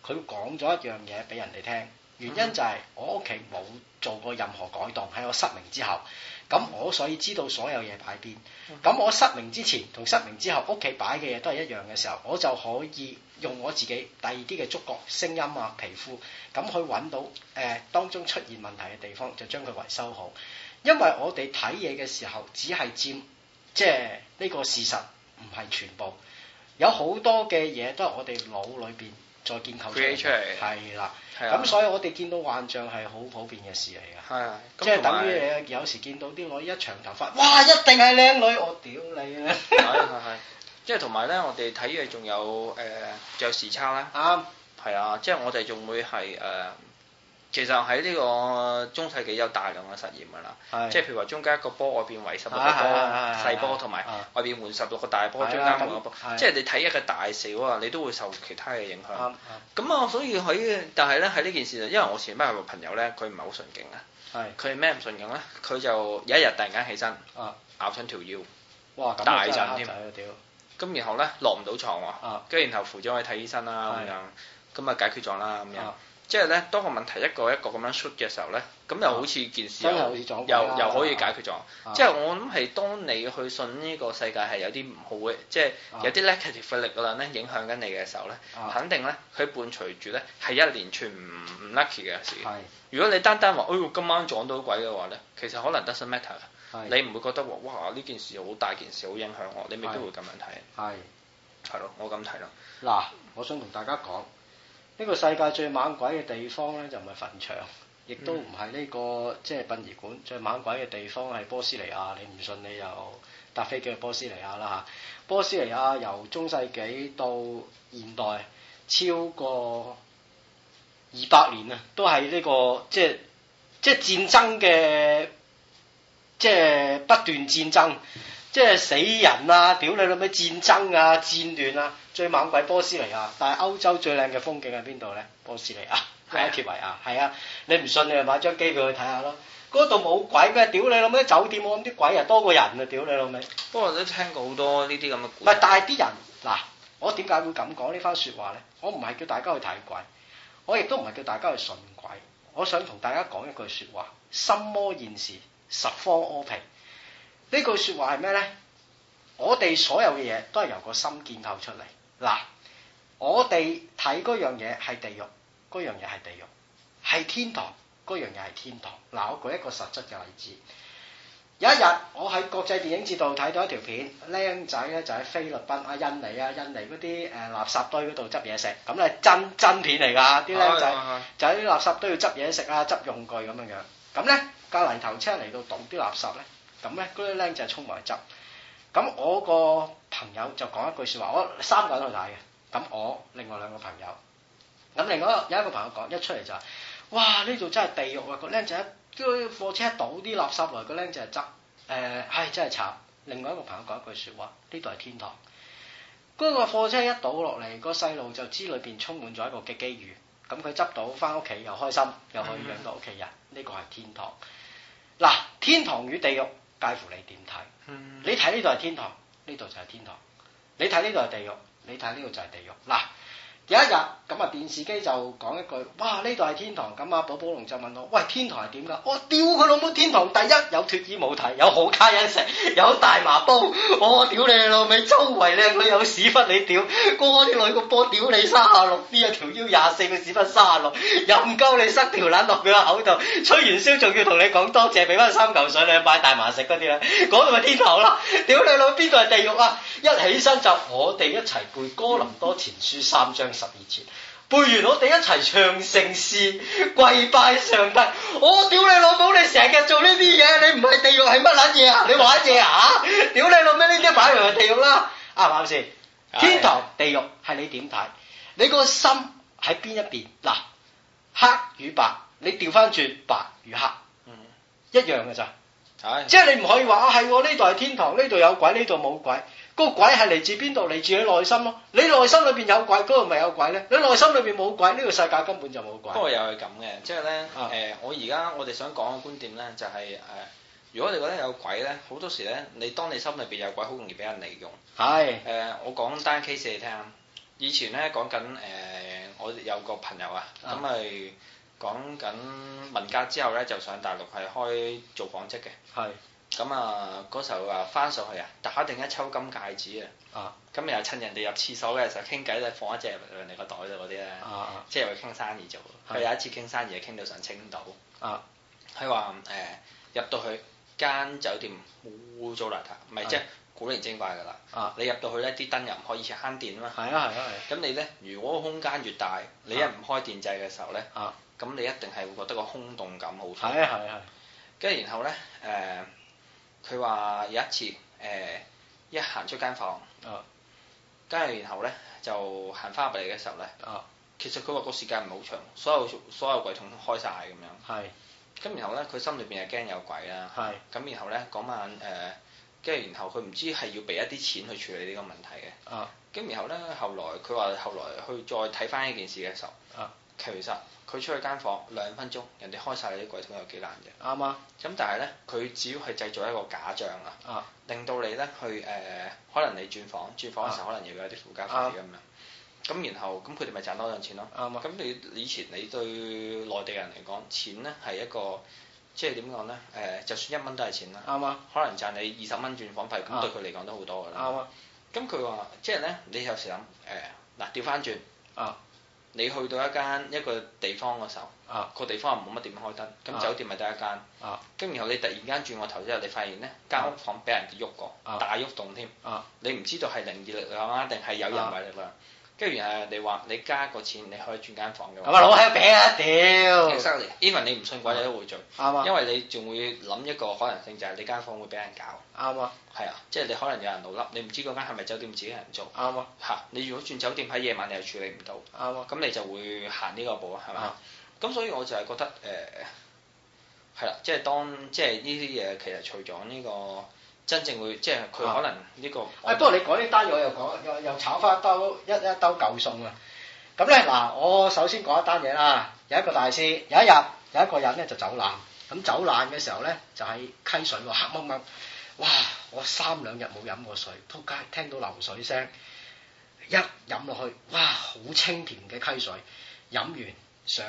咁佢講咗一樣嘢俾人哋聽，原因就係我屋企冇做過任何改動喺我失明之後，咁我所以知道所有嘢擺邊。咁我失明之前同失明之後屋企擺嘅嘢都係一樣嘅時候，我就可以。用我自己第二啲嘅觸覺、聲音啊、皮膚，咁去揾到誒當中出現問題嘅地方，就將佢維修好。因為我哋睇嘢嘅時候，只係佔，即係呢個事實，唔係全部。有好多嘅嘢都係我哋腦裏邊再建構 create 出嚟，係啦。咁所以我哋見到幻象係好普遍嘅事嚟嘅，即係等於你有時見到啲女一長頭髮，哇，一定係靚女，我屌你啊！係係係。即係同埋咧，我哋睇嘅仲有誒，仲有時差啦。啱係啊！即係我哋仲會係誒，其實喺呢個中世紀有大量嘅實驗噶啦。即係譬如話，中間一個波，外邊圍十六個細波，同埋外邊換十六個大波，中間換一波。即係你睇一個大細，你都會受其他嘅影響。咁啊，所以喺，但係咧，喺呢件事，就因為我前班有個朋友咧，佢唔係好順境啊。佢係咩唔順境咧？佢就有一日突然間起身，咬親條腰，哇！大陣添。咁然後咧落唔到牀，跟住然後扶咗去睇醫生啦咁樣，咁啊解決咗啦咁樣，即係咧當個問題一個一個咁樣出嘅時候咧，咁又好似件事又又可以解決咗。即係我諗係當你去信呢個世界係有啲唔好嘅，即係有啲 negative lucky 嘅力量咧影響緊你嘅時候咧，肯定咧佢伴隨住咧係一連串唔 lucky 嘅事。如果你單單話，哎呦今晚撞到鬼嘅話咧，其實可能得 matter。你唔會覺得哇，呢件事好大件事好影響我，你未必會咁樣睇。係係咯，我咁睇啦。嗱，我想同大家講，呢、這個世界最猛鬼嘅地方咧，就唔係墳場，亦都唔係呢個、嗯、即係殯儀館。最猛鬼嘅地方係波斯尼亞，你唔信你又搭飛機去波斯尼亞啦嚇。波斯尼亞由中世紀到現代超過二百年啊，都係呢、這個即係即係戰爭嘅。即係不斷戰爭，即係死人啊！屌你老味戰爭啊戰亂啊！最猛鬼波斯尼亞，但係歐洲最靚嘅風景喺邊度咧？波斯尼亞、土耳其啊，係啊！你唔信你就張機看看，你買張機票去睇下咯。嗰度冇鬼咩？屌你老味！酒店我諗啲鬼啊多過人啊！屌你老味！不過我都聽過好多呢啲咁嘅，唔係，但係啲人嗱，我點解會咁講呢番說話咧？我唔係叫大家去睇鬼，我亦都唔係叫大家去信鬼。我想同大家講一句說話：心魔現時。十方屙皮，呢句説話係咩咧？我哋所有嘅嘢都係由個心建構出嚟。嗱，我哋睇嗰樣嘢係地獄，嗰樣嘢係地獄；係天堂，嗰樣嘢係天堂。嗱，我舉一個實質嘅例子。有一日，我喺國際電影節度睇到一條片，靚仔咧就喺菲律賓啊、印尼啊、印尼嗰啲誒垃圾堆嗰度執嘢食，咁咧真真片嚟㗎，啲靚仔就喺啲垃圾堆要執嘢食啊、執用具咁樣樣，咁咧。架泥頭車嚟到倒啲垃圾咧，咁咧嗰啲僆仔衝埋去執。咁我個朋友就講一句說話，我三個人去睇嘅。咁我另外兩個朋友，咁另外一個有一個朋友講，一出嚟就話：哇！呢度真係地獄啊！個僆仔，個貨車倒啲垃圾落嚟，個僆仔執，誒、呃，唉、哎，真係慘。另外一個朋友講一句說話，呢度係天堂。嗰、嗰個貨車一倒落嚟，嗰個細路就知裏邊充滿咗一個嘅機遇。咁佢執到返屋企又開心，又可以養到屋企人，呢、嗯、個係天堂。嗱，天堂與地獄介乎你點睇？嗯、你睇呢度係天堂，呢度就係天堂；你睇呢度係地獄，你睇呢度就係地獄。嗱。有一日咁啊，電視機就講一句：哇！呢度係天堂。咁、嗯、啊，寶寶龍就問我：喂，天堂係點㗎？我屌佢老母！天堂第一有脫衣舞睇，有好卡因食，有大麻煲。我、哦、屌你老味，周圍靚女有屎忽你屌，哥啲女個波屌你卅六，B 一條腰廿四個屎忽卅六，又唔夠你塞條撚落佢個口度。吹完簫仲要同你講多謝，俾翻三嚿水，你去買大麻食多啲啊，嗰度咪天堂啦！屌你老母，邊度係地獄啊？一起身就我哋一齊背《哥林多前書》三章。十二節背完，我哋一齊唱聖詩，跪拜上帝。我屌你老母，你成日做呢啲嘢，你唔係地獄係乜撚嘢啊？你玩嘢啊？屌你老味，呢啲擺明係地獄啦，啱唔啱先？天堂是是是地獄係，你點睇？你個心喺邊一邊？嗱、呃，黑與白，你調翻轉白與黑，嗯，一樣嘅咋？是是即係你唔可以話啊，係呢度係天堂，呢度有鬼，呢度冇鬼。個鬼係嚟自邊度？嚟自你內心咯、啊。你內心裏邊有鬼，嗰度咪有鬼咧。你內心裏邊冇鬼，呢、這個世界根本就冇鬼。不過又係咁嘅，即係咧，誒、啊呃，我而家我哋想講嘅觀點咧、就是，就係誒，如果你覺得有鬼咧，好多時咧，你當你心裏邊有鬼，好容易俾人利用。係是。誒、呃，我講單 case 你聽。以前咧講緊誒，我有個朋友啊，咁咪講緊文革之後咧，就上大陸係開做紡織嘅。係。咁啊！嗰時候啊，翻上去啊，打定一抽金戒指啊。咁又趁人哋入廁所嘅時候傾偈咧，放一隻喺人哋個袋度嗰啲咧。即係佢傾生意做，佢有一次傾生意啊，傾到上青島。佢話誒入到去間酒店污糟邋遢，唔係即係古靈精怪㗎啦。你入到去呢啲燈又唔可以慳電啊嘛。係啊係啊係。咁你咧，如果個空間越大，你一唔開電掣嘅時候咧，咁你一定係會覺得個空洞感好重。係啊係啊，跟住然後咧，誒。佢話有一次，誒、呃、一行出間房，跟住、啊、然後呢，就行翻入嚟嘅時候呢，啊、其實佢話個時間唔係好長，所有所有櫃桶開晒。咁樣，咁是然後呢，佢心裏邊又驚有鬼啦，咁是然後呢，嗰晚誒，跟、呃、住然後佢唔知係要俾一啲錢去處理呢個問題嘅，咁、啊、然後呢，後來佢話後來去再睇翻呢件事嘅時候。啊其實佢出去間房兩分鐘，人哋開晒你啲櫃桶有幾難嘅。啱啊。咁但係咧，佢只要係製造一個假象啊，令到你咧去誒，可能你轉房，轉房嘅時候可能要有啲附加費咁樣。咁然後，咁佢哋咪賺多兩錢咯。啱啊。咁你以前你對內地人嚟講，錢咧係一個，即係點講咧？誒，就算一蚊都係錢啦。啱啊。可能賺你二十蚊轉房費，咁對佢嚟講都好多嘅。啱啊。咁佢話，即係咧，你有時諗誒，嗱調翻轉。啊。你去到一間一個地方嘅時候，啊、個地方又冇乜點開燈。咁酒店咪得一間，咁、啊、然後你突然間轉過頭之後，你發現呢間、啊、屋房俾人哋喐過大喐、啊、動添，啊、你唔知道係靈異力量啊，定係有人為力量、啊。啊不如係你話，你加個錢你可以轉間房嘅嘛？攞喺度柄啊屌！even 你唔信鬼嘢都會做！啱啊！因為你仲會諗一個可能性就係你間房會俾人搞。啱啊！係啊，即係你可能有人老笠，你唔知嗰間係咪酒店自己人做。啱啊！嚇！你如果轉酒店喺夜晚你又處理唔到。啱啊！咁你就會行呢個步啊，係嘛？咁所以我就係覺得誒係啦，即係當即係呢啲嘢其實除咗呢個。真正會即係佢可能呢個，誒不過你講呢單嘢我又講又又炒翻一兜一一兜舊餸啊！咁咧嗱，我首先講一單嘢啦，有一個大師，有一日有一個人咧就走難，咁走難嘅時候咧就喺溪水喎，黑掹掹，哇！我三兩日冇飲過水，扑街聽到流水聲，一飲落去哇，好清甜嘅溪水，飲完上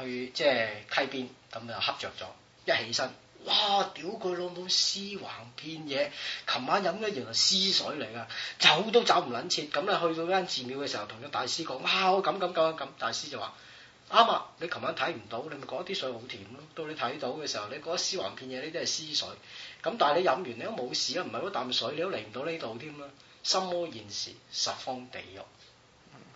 去即係溪邊咁就瞌着咗，一起身。哇！屌佢老母，屍橫遍野！琴晚飲嘅原來屍水嚟㗎，走都走唔撚切。咁你去到間寺廟嘅時候，同個大師講：哇！我咁咁咁咁。大師就話：啱啊！你琴晚睇唔到，你咪覺得啲水好甜咯。到你睇到嘅時候，你覺得屍橫遍野呢啲係屍水。咁但係你飲完你都冇事啊，唔係嗰啖水，你都嚟唔到呢度添啦。心魔現時，十方地獄。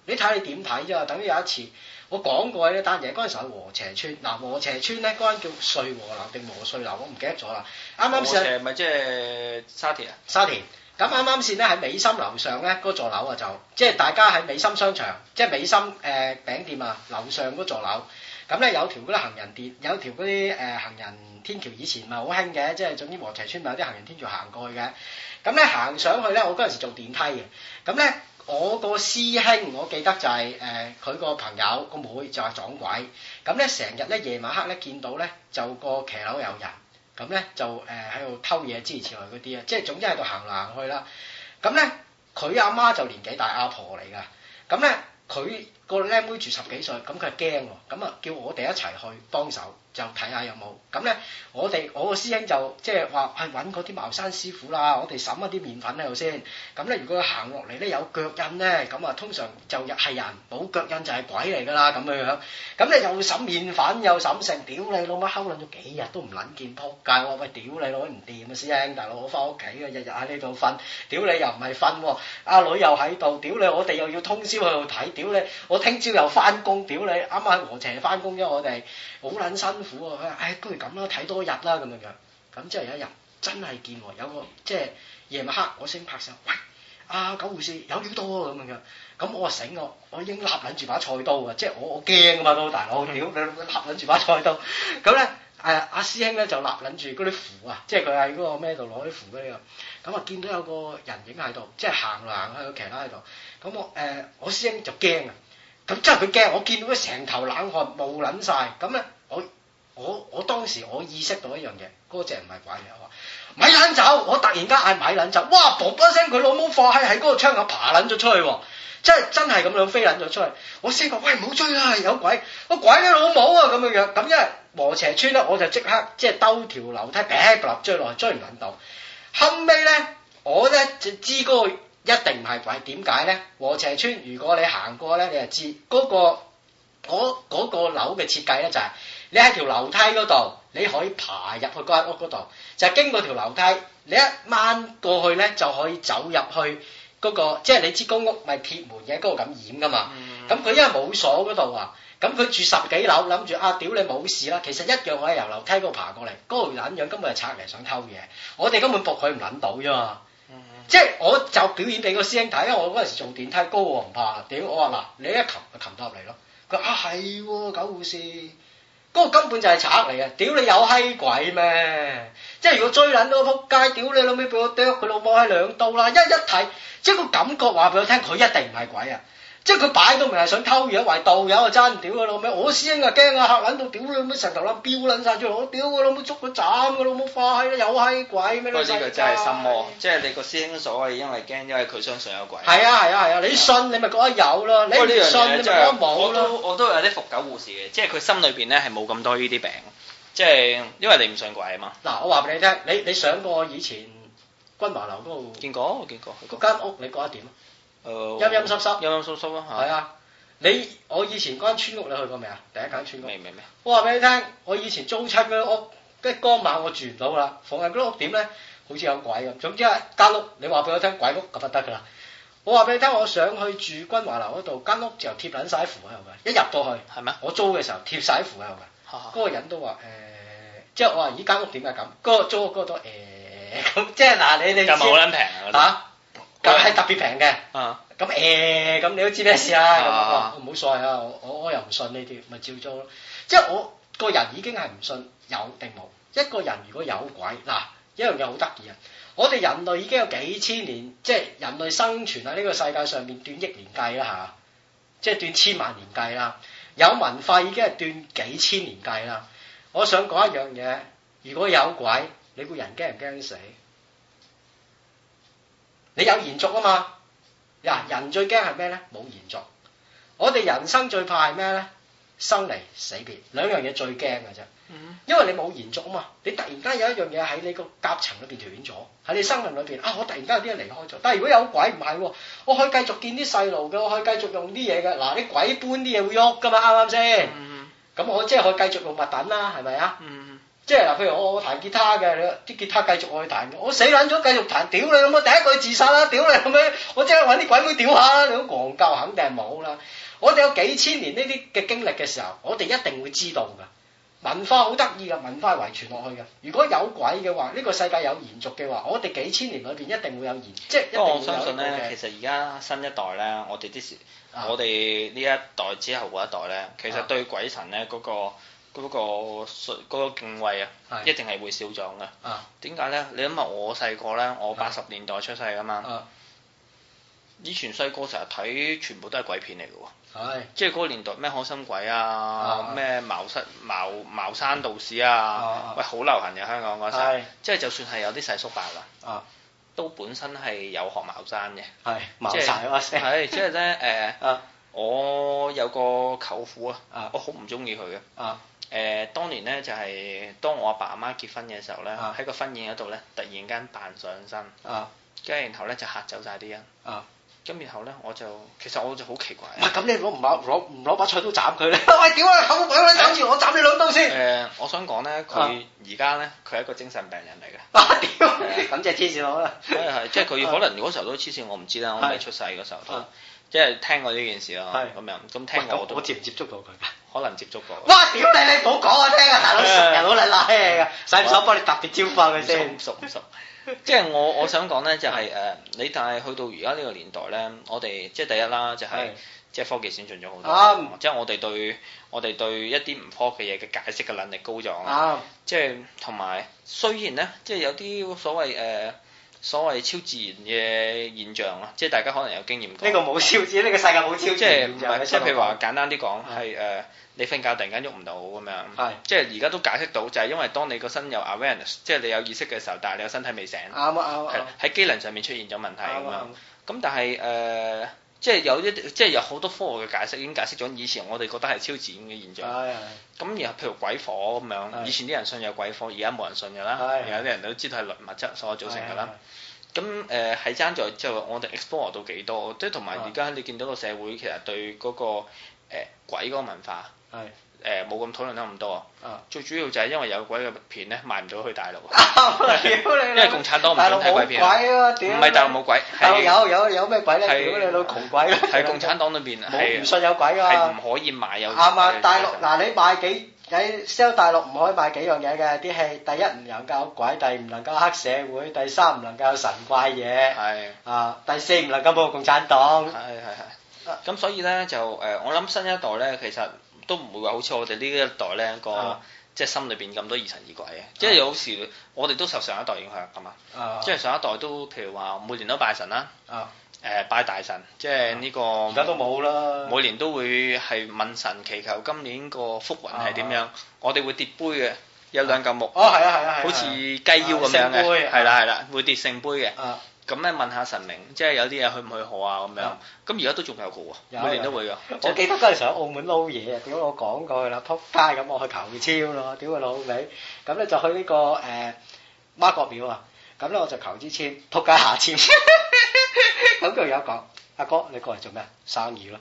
你睇你點睇啫？等於有一次。我講過咧，單嘢嗰陣時喺禾輋邨。嗱禾輋邨咧，嗰間叫瑞和樓定和瑞樓，我唔記得咗啦。啱啱禾輋咪即係沙田，沙田。咁啱啱先咧喺美心樓上咧，嗰座樓啊就即係、大家喺美心商場，即係美心誒、餅店啊樓上嗰座樓。咁咧有條嗰啲行人電，有條嗰啲誒行人天橋，以前咪好興嘅，即係總之禾輋邨，咪有啲行人天橋行過去嘅。咁咧行上去咧，我嗰陣時坐電梯嘅，咁咧。我個師兄，我記得就係誒，佢個朋友個妹，妹就係撞鬼，咁咧成日咧夜晚黑咧見到咧就個騎樓有人那那，咁咧就誒喺度偷嘢之類嗰啲啊，即係總之喺度行嚟行去啦，咁咧佢阿媽就年紀大阿婆嚟㗎，咁咧佢。個僆妹住十幾歲，咁佢係驚喎，咁啊叫我哋一齊去幫手，就睇下有冇。咁咧，我哋我個師兄就即係話去揾嗰啲茅山師傅啦，我哋審一啲麵粉喺度先。咁咧，如果佢行落嚟咧有腳印咧，咁啊通常就係人，冇腳印就係鬼嚟㗎啦咁樣樣。咁咧又審麵粉，又審成，屌你老母，睺捻咗幾日都唔撚見撲街喎！喂，屌你老母唔掂啊，師兄大佬，我翻屋企啊，日日喺呢度瞓。屌你又唔係瞓喎，阿女又喺度，屌你我哋又要通宵喺度睇，屌你聽朝又翻工，屌你！啱啱喺和斜翻工啫，我哋好撚辛苦啊！佢話：唉，都係咁啦，睇多日啦咁樣樣。咁之後有一日，真係見喎，有個即係夜晚黑，我先拍攝，喂，阿、啊、九護士有料多咁樣樣。咁我，我醒喎，我已經立撚住把菜刀啊。即係我我驚啊嘛都大佬，屌你立撚住把菜刀。咁咧誒，阿、啊、師兄咧就立撚住嗰啲符啊，即係佢喺嗰個咩度攞啲符嗰啲咁。咁、那、啊、個、見到有個人影喺度，即係行行喺個騎樓喺度。咁我誒我師兄就驚啊！咁真係佢驚，我見到佢成頭冷汗冇撚晒。咁咧我我我當時我意識到一樣嘢，嗰隻唔係鬼嚟，我話咪撚走，我突然間嗌咪撚走，哇！卜一聲佢老母放喺喺嗰個窗口爬撚咗出去，真係真係咁樣飛撚咗出去。我先講，喂，唔好追啦，有鬼，我鬼嘅老母啊咁嘅樣。咁因為和斜穿咧，我就即刻即刻即係兜條樓梯，劈立追落去，追唔撚到。後尾咧，我咧就知佢、嗰個一定唔係鬼，點解咧？和斜村，如果你行過咧，你就知嗰、嗰個嗰、嗰個、樓嘅設計咧，就係你喺條樓梯嗰度，你可以爬入去嗰間屋嗰度，就係、經過條樓梯，你一掹過去咧，就可以走入去嗰、嗰個，即、就、係、係、你知，公屋咪鐵門嘅嗰個咁掩噶嘛。咁佢因為冇鎖嗰度啊，咁佢住十幾樓，諗住啊屌你冇事啦，其實一樣可以由樓梯嗰度爬過嚟，嗰條癮樣根本係賊嚟想偷嘢，我哋根本搏佢唔揾到啫嘛。即係我就表演俾個師兄睇，我嗰陣時做電梯高我唔怕，屌我話嗱你一擒就擒到入嚟咯，佢啊，係喎，狗護士，嗰個根本就係賊嚟嘅，屌你有閪鬼咩？即係如果追撚到個仆街，屌你老尾俾我啄，佢老母喺兩刀啦，一一睇即係個感覺話俾我聽，佢一定唔係鬼啊！即係佢擺到明係想偷嘢為道友啊！真屌嘅老母，我師兄就驚啊！嚇撚到屌你老母石頭攬飆撚晒出嚟，我屌嘅老母捉佢斬嘅老母，快有閪鬼咩？不過呢個真係心魔，即係你個師兄所謂因為驚，因為佢相信有鬼。係啊係啊係啊！啊啊啊啊你信你咪覺得有咯，你唔信你就覺得冇我都我都有啲復狗護士嘅，即係佢心裏邊咧係冇咁多呢啲病，即係因為你唔信鬼啊嘛。嗱，我話俾你聽，你你，你上過以前均華樓嗰度？見過，我見過。嗰間屋你覺得點？呃陰陰濕濕，陰陰濕濕啊，係啊，啊你我以前間村屋你去過未啊？第一間村屋，明唔明咩？我話俾你聽，我以前租親嗰屋，跟住嗰晚我住唔到啦。逢慶嗰屋點咧，好似有鬼咁。總之係間屋，你話俾我聽鬼屋咁就得噶啦。我話俾你聽，我上去住君華樓嗰度間屋，就貼緊晒符喺度嘅。一入到去，係咪嗎？我租嘅時候貼晒符喺度嘅。嗰 [LAUGHS] 個人都話誒，之、呃、後我話依間屋點解咁？嗰、那個租屋嗰、那個誒，咁、呃、即係嗱、就是就是、你哋，又咪好撚平啊？佢係特別平嘅，咁誒、啊嗯，咁、欸嗯、你都知咩事啦？哇、嗯，冇所謂啊，我我，我又唔信呢啲，咪照做咯。即係我個人已經係唔信有定冇。一個人如果有鬼，嗱，一樣嘢好得意啊！我哋人類已經有幾千年，即係人類生存喺呢個世界上面斷億年計啦吓，即係斷千萬年計啦。有文化已經係斷幾千年計啦。我想講一樣嘢，如果有鬼，你個人驚唔驚死？你有延續啊嘛？嗱，人最驚係咩咧？冇延續。我哋人生最怕係咩咧？生離死別，兩樣嘢最驚㗎啫。因為你冇延續啊嘛，你突然間有一樣嘢喺你個夾層裏邊斷咗，喺你生命裏邊啊，我突然間有啲嘢離開咗。但係如果有鬼唔係喎，我可以繼續見啲細路嘅，我可以繼續用啲嘢嘅。嗱，啊，啲鬼搬啲嘢會喐噶嘛？啱啱先？嗯。咁我即係可以繼續用物品啦，係咪啊？嗯即係嗱，譬如我我彈吉他嘅，啲吉他繼續我去彈，我死撚咗繼續彈，屌你咁啊！第一個去自殺啦，屌你咁樣，我即刻搵啲鬼妹屌下啦！你講教肯定係冇啦，我哋有幾千年呢啲嘅經歷嘅時候，我哋一定會知道㗎。文化好得意㗎，文化係遺傳落去㗎。如果有鬼嘅話，呢、這個世界有延續嘅話，我哋幾千年裏邊一定會有延，即係一定相信咧，其實而家新一代咧，我哋啲時，啊、我哋呢一代之後嗰一代咧，其實對鬼神咧、那、嗰個。啊啊啊嗰個敬畏啊，一定係會少咗㗎。點解呢？你諗下，我細個呢，我八十年代出世㗎嘛。以前細個成日睇，全部都係鬼片嚟嘅喎。係。即係嗰個年代，咩《開心鬼》啊，咩茅山茅茅山道士啊，喂，好流行嘅香港嗰陣。係。即係就算係有啲細叔伯啊，都本身係有學茅山嘅。係。茅山。即係呢，誒，我有個舅父啊，我好唔中意佢嘅。誒，當年咧，就係當我阿爸阿媽結婚嘅時候咧，喺個婚宴嗰度咧，突然間扮上身，跟住然後咧就吓走晒啲人。咁然後咧我就，其實我就好奇怪。咁你攞唔攞唔攞把菜刀斬佢咧？喂，屌啊！等住我斬你兩刀先。誒，我想講咧，佢而家咧，佢係一個精神病人嚟嘅。咁即係痴線佬啦。係即係佢可能嗰時候都痴線，我唔知啦，我未出世嗰時候，即係聽過呢件事咯。咁樣咁聽過我。我接唔接觸到佢？可能接觸過。哇！屌你，你唔好講我聽啊！大佬熟啊，老嚟的拉閪啊，使唔使幫你特別招呼嘅先？熟唔熟？熟熟 [LAUGHS] [LAUGHS] 即係我我想講咧，就是，就係誒，你，呃，但係去到而家呢個年代咧，我哋即係第一啦，就係即係科技先進咗好多。即係我哋對我哋對一啲唔科技嘢嘅解釋嘅能力高咗啊！ [LAUGHS] 嗯、即係同埋雖然咧，即、就、係、是、有啲所謂誒。呃所謂超自然嘅現象咯，即係大家可能有經驗過。呢個冇超自然，自呢個世界冇超自然。即係即係譬如話簡單啲講，係誒、嗯 uh，你瞓覺突然間喐唔到咁樣。係。嗯、即係而家都解釋到，就係、係、因為當你個身有 awareness，即係你有意識嘅時候，但係你個身體未醒。啱啊啱啊。係、啊。喺、啊啊、機能上面出現咗問題咁樣。咁、啊啊啊、但係誒。Uh, 即係有啲，即係有好多科學嘅解釋，已經解釋咗以前我哋覺得係超自然嘅現象。咁然後譬如鬼火咁樣，對以前啲人信有鬼火，而家冇人信㗎啦。而家啲人都知道係物質所組成㗎啦。咁誒係爭在之後我哋 explore 到幾多，即係同埋而家你見到個社會其實對嗰、嗰個、呃、鬼嗰個文化。對對。誒冇咁討論得咁多啊！最主要就係因為有鬼嘅片咧賣唔到去大陸。因為共產黨唔想睇鬼片啊！大陸冇鬼啊！唔係大陸冇鬼，大陸有有有咩鬼咧？如果你老窮鬼啦，係共產黨裏邊啊，冇唔信有鬼噶嘛，係唔可以賣有。啱啊！大陸嗱，你賣幾喺 sell 大陸唔可以賣幾樣嘢嘅啲戲，第一唔能夠有鬼，第二唔能夠黑社會，第三唔能夠神怪嘢，係啊，第四唔能夠保護共產黨。係係係。咁所以咧就誒，我諗新一代咧其實。都唔會話好似我哋呢一代咧個，即係心裏邊咁多疑神疑鬼嘅，即係有時我哋都受上一代影響㗎嘛，即係上一代都譬如話每年都拜神啦，誒拜大神，即係呢個而家都冇啦，每年都會係問神祈求今年個福運係點樣，我哋會跌杯嘅，有兩嚿木，哦係啊係啊，好似雞腰咁樣嘅，係啦係啦，會跌聖杯嘅。咁咧問下神明，即係有啲嘢去唔去好啊咁樣。咁而家都仲有個喎，每年都會嘅。我記得嗰陣時喺澳門撈嘢啊，屌我講過去啦，撲街咁我去求籤咯，屌佢老味。咁咧就去呢個誒媽閣廟啊，咁咧我就求支籤，撲街下籤。咁佢有講：阿哥你過嚟做咩？生意咯。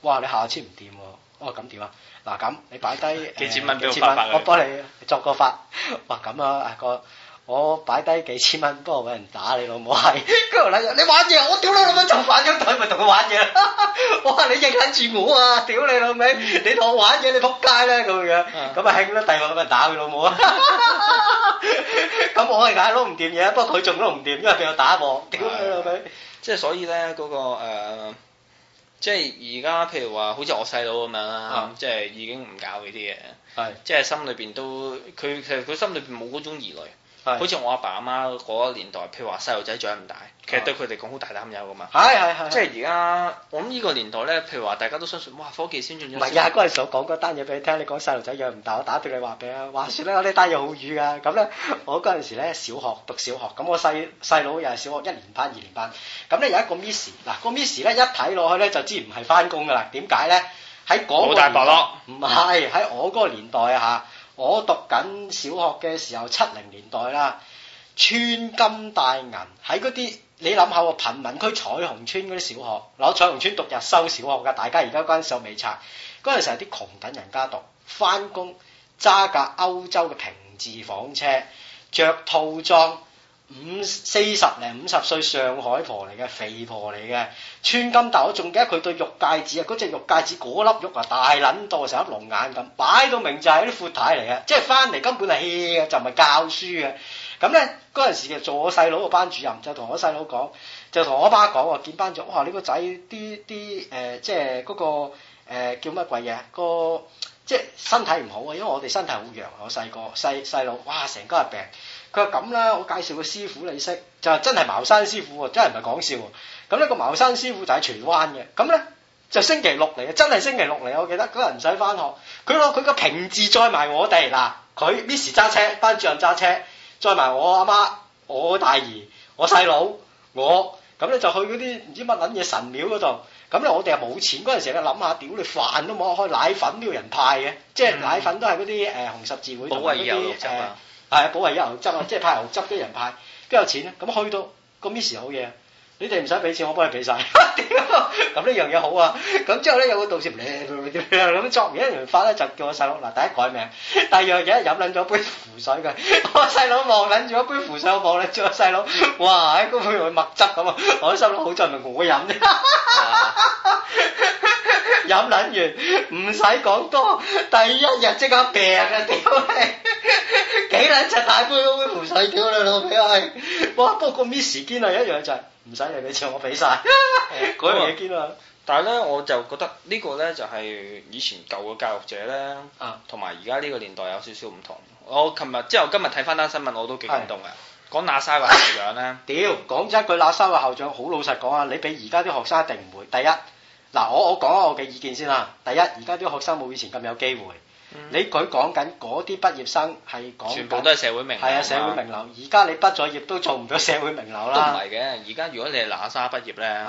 哇！你下籤唔掂喎，我話咁點啊？嗱咁你擺低幾千蚊俾我幾千蚊，我幫你作個法。哇！咁啊阿哥我擺低幾千蚊，幫我搵人打你老母係，跟你玩嘢，我屌你老母就反咗台咪同佢玩嘢，我話你認緊住我啊，屌你老味，你同我玩嘢你仆街啦咁樣，咁啊興啦，第日咁啊打佢老母啊，咁 [LAUGHS] 我係梗係攞唔掂嘢，不過佢仲攞唔掂，因為佢有打我，屌你老味。即係所以咧，嗰個誒，即係而家，譬如話好似我細佬咁樣啦、嗯嗯，即係已經唔搞呢啲嘢，的即係心裏邊都，佢其實佢心裏邊冇嗰種疑慮。好似我阿爸阿媽嗰個年代，譬如話細路仔長唔大，其實對佢哋講好大擔憂噶嘛。係係係。即係而家，我諗呢個年代咧，譬如話大家都相信，哇科技先進咗。唔係啊，嗰陣時我講嗰單嘢俾你聽，你講細路仔養唔大，我打斷你話俾你聽，話説咧，我呢單嘢好遠噶。咁咧，我嗰陣時咧小學讀小學，咁我細細佬又係小學一年班、二年班，咁咧有一個 miss，嗱個 miss 咧一睇落去咧就知唔係翻工噶啦。點解咧？喺嗰個年代，唔係喺我嗰個年代啊嚇。 [LAUGHS] 我讀緊小學嘅時候，七零年代啦，穿金戴銀喺嗰啲，你諗下個，貧民區彩虹村嗰啲小學，攞彩虹村讀日修小學嘅，大家而家嗰陣時候未拆，嗰陣時候啲窮等人家讀，返工揸架歐洲嘅平治房車，着套裝，五四十零五十歲上海婆嚟嘅，肥婆嚟嘅，穿金戴。我仲記得佢對玉戒指啊，嗰隻玉戒指嗰粒肉啊，大捻到成粒龍眼咁，擺到明就係啲闊太嚟嘅。即係翻嚟根本係 hea 嘅，就唔係教書嘅。咁咧嗰陣時就做我細佬個班主任就弟弟，就同我細佬講，就同我阿爸講，見班主，哇你個仔啲啲誒，即係嗰個誒叫乜鬼嘢、啊，個即係身體唔好啊，因為我哋身體好弱，我細個細細佬哇成日病。佢話咁啦，我介紹個師傅你識，就真係茅山師傅，真係唔係講笑。咁呢個茅山師傅就喺荃灣嘅，咁咧就星期六嚟，真係星期六嚟。我記得嗰日唔使翻學，佢攞佢個平字載埋我哋嗱，佢 Miss 揸車，班主任揸車，載埋我阿媽，媽、我大姨、我細佬、我，咁咧就去嗰啲唔知乜撚嘢神廟嗰度。咁咧我哋又冇錢嗰陣時咧，諗下，屌你飯都冇開，奶粉都要人派嘅，即係奶粉都係嗰啲誒紅十字會嗰啲誒。係啊，保衛爾牛汁啊，即係派牛汁，啲人派，邊有錢咧，啊？咁去到個 miss 好嘢，你哋唔使俾錢，我幫你俾晒。咁 [LAUGHS] 呢樣嘢好啊。咁之後咧有個道士嚟，咁作完一完法咧就叫我細佬嗱，第一改名，第二樣嘢飲兩咗杯符水嘅。我細佬望飲住一杯符水，我望咧，住我細佬哇喺嗰杯內墨汁咁啊，我心諗好在係我飲啫。 [LAUGHS] 飲捻 [LAUGHS] 完唔使講多，第一日即刻病啊屌！你，幾捻隻大杯都唔使屌你老味，哇！不過 miss 堅係一樣就係唔使你俾錢我俾晒嗰樣嘢堅啊！ [LAUGHS] 們但係咧我就覺得個呢個咧就係、是、以前舊嘅教育者咧，同埋而家呢個年代有少少唔同。我琴日之後今日睇翻單新聞，我都幾感動嘅。講喇沙嘅校長咧，屌！講咗一句喇沙嘅校長，好老實講啊，你俾而家啲學生一定唔會。第一。嗱，我下我講我嘅意見先啦。第一，而家啲學生冇以前咁有機會。嗯、你佢講緊嗰啲畢業生係講，全部都係社會名，係啊社會名流。而家、啊、你畢咗業都做唔到社會名流啦。唔係嘅。而家如果你係喇沙畢業咧，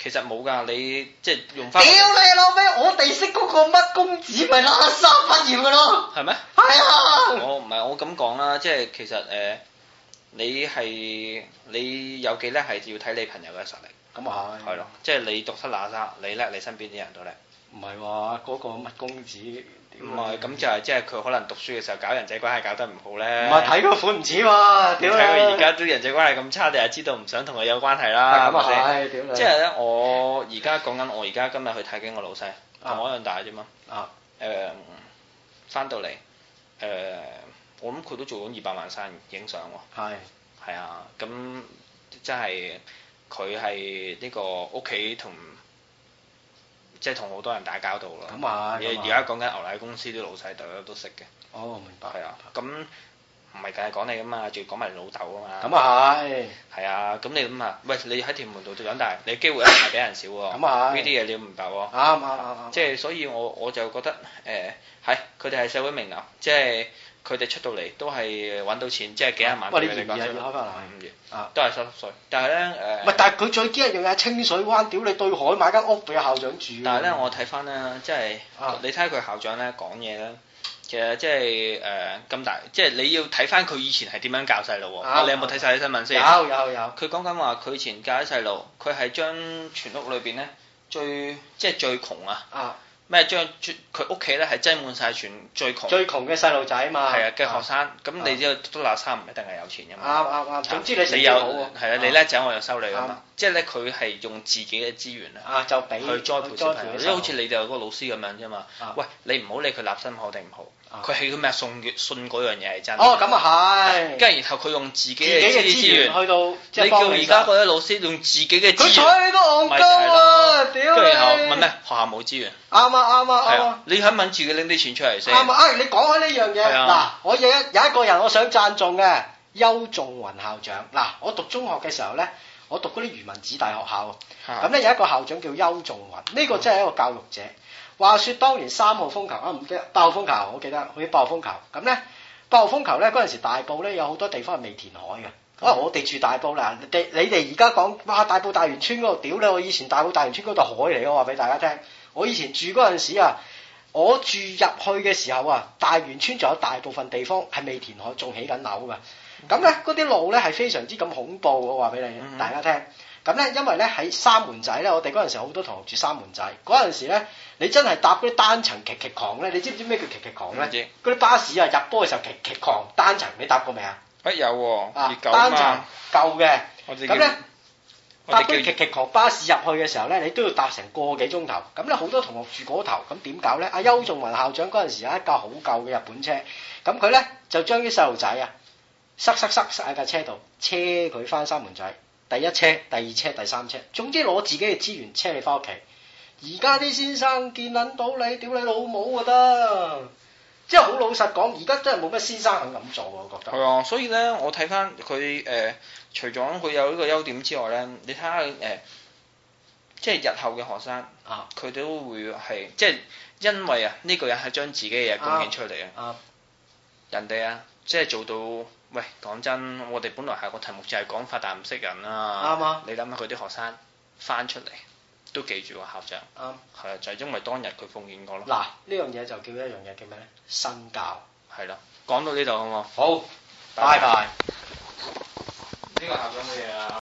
其實冇噶、呃。你即係用翻。屌你老味！我哋識嗰個乜公子咪喇沙畢業噶咯？係咩？係啊！我唔係我咁講啦，即係其實誒，你係你有幾叻係要睇你朋友嘅實力。咁啊係，係咯，即係你讀出難啦，你叻，你身邊啲人都叻。唔係喎，嗰個乜公子？唔係，咁就係即係佢可能讀書嘅時候搞人際關係搞得唔好咧。唔係睇個款唔似喎，點咧？睇佢而家都人際關係咁差，定係知道唔想同佢有關係啦？咁啊係，點即係咧，我而家講緊我而家今日去睇緊我老細，同我一樣大啫嘛。啊，誒，翻到嚟，誒，我諗佢都做咗二百萬生意，影相喎。係，係啊，咁即係。佢係呢個屋企同，即係同好多人打交道啦。咁啊，而家講緊牛奶公司啲老細，大家都識嘅。哦，明白。係啊，咁唔係梗係講你啊嘛，仲要講埋老豆啊嘛。咁啊係。係啊，咁、啊、你咁啊，喂，你喺屯門度做長大，你機會一定係畀人少喎。咁啊。呢啲嘢你唔明喎。啱啱啱。即係、就是、所以我，我我就覺得誒係，佢哋係社會名流，即、就、係、是。佢哋出到嚟都係揾到錢，即係幾萬萬俾你揀。哇！你年入可能五萬，都係收稅。但係咧誒，唔係，但係佢最驚一樣係清水灣，屌你對海買間屋俾校長住。但係咧，我睇翻咧，即係你睇下佢校長咧講嘢咧，其實即係誒咁大，即係你要睇翻佢以前係點樣教細路喎。你有冇睇晒啲新聞先？有有有。佢講緊話，佢以前教啲細路，佢係將全屋裏邊咧最即係最窮啊。咩？將佢屋企咧係擠滿晒全最窮最窮嘅細路仔啊嘛，係啊嘅學生，咁你知都立生唔一定係有錢嘅嘛，啱啱啱。總之你有係啊，你叻仔我又收你啊嘛，即係咧佢係用自己嘅資源啊，就俾佢栽培小朋友，即係好似你哋嗰個老師咁樣啫嘛。喂，你唔好理佢立身好定唔好。佢起佢咩送信嗰樣嘢係真哦，咁啊係，跟住然後佢用自己嘅資，資源去到，你叫而家嗰啲老師用自己嘅資源，佢都戇鳩啦，屌啦！唔係咩學校冇資源？啱啊啱啊啱、啊啊！你肯問自己拎啲錢出嚟先。啱啊，啊！你講開呢樣嘢嗱，我有一有一個人我想讚頌嘅邱仲雲校長。嗱、啊，我讀中學嘅時候咧，我讀嗰啲漁民子弟學校，咁咧的有一個校長叫邱仲雲，呢、呢個真係一個教育者。話說當年三號風球啊，唔記得八號風球，我記得好似八號風球。咁咧，八號風球咧，嗰陣時大埔咧有好多地方係未填海嘅。哦、我哋住大埔嗱，你哋你哋而家講哇，大埔大元邨嗰度，屌咧！我以前大埔大元邨嗰度海嚟，我話俾大家聽。我以前住嗰陣時啊，我住入去嘅時候啊，大元邨仲有大部分地方係未填海，仲起緊樓噶。咁咧，嗰啲路咧係非常之咁恐怖，我話俾你大家聽。咁咧，因為咧喺三門仔咧，我哋嗰陣時好多同學住三門仔。嗰陣時咧，你真係搭嗰啲單層極極狂咧，你知唔知咩叫極極狂咧？嗰啲、嗯、巴士啊，入波嘅時候極極狂，單層你搭過未啊？啊、嗯、有喎、哦，單層舊嘅。咁咧，嗰啲極極狂巴士入去嘅時候咧，你都要搭成個幾鐘頭。咁咧，好多同學住嗰頭，咁點搞咧？阿、啊、邱仲文校長嗰陣時有一架好舊嘅日本車，咁佢咧就將啲細路仔啊塞塞塞喺架車度，車佢返三門仔。第一車、第二車、第三車，總之攞自己嘅資源車你翻屋企。而家啲先生見撚到你，屌你老母啊得！即係好老實講，而家真係冇乜先生肯咁做，我覺得。係啊，所以咧，我睇翻佢誒，除咗佢有呢個優點之外咧，你睇下誒，即係日後嘅學生，佢都會係即係，因為啊呢個人係將自己嘅嘢貢獻出嚟啊，啊人哋啊，即係做到。喂，講真，我哋本來下個題目就係講發達唔識人啦、啊。啱啊！你諗下佢啲學生翻出嚟都記住喎校長。啱、啊。係啊，就係、是、因為當日佢奉獻過咯。嗱，呢樣嘢就叫一樣嘢叫咩咧？身教。係啦、啊，講到呢度好嘛？好，好，拜拜。呢個校長咩嘢啊！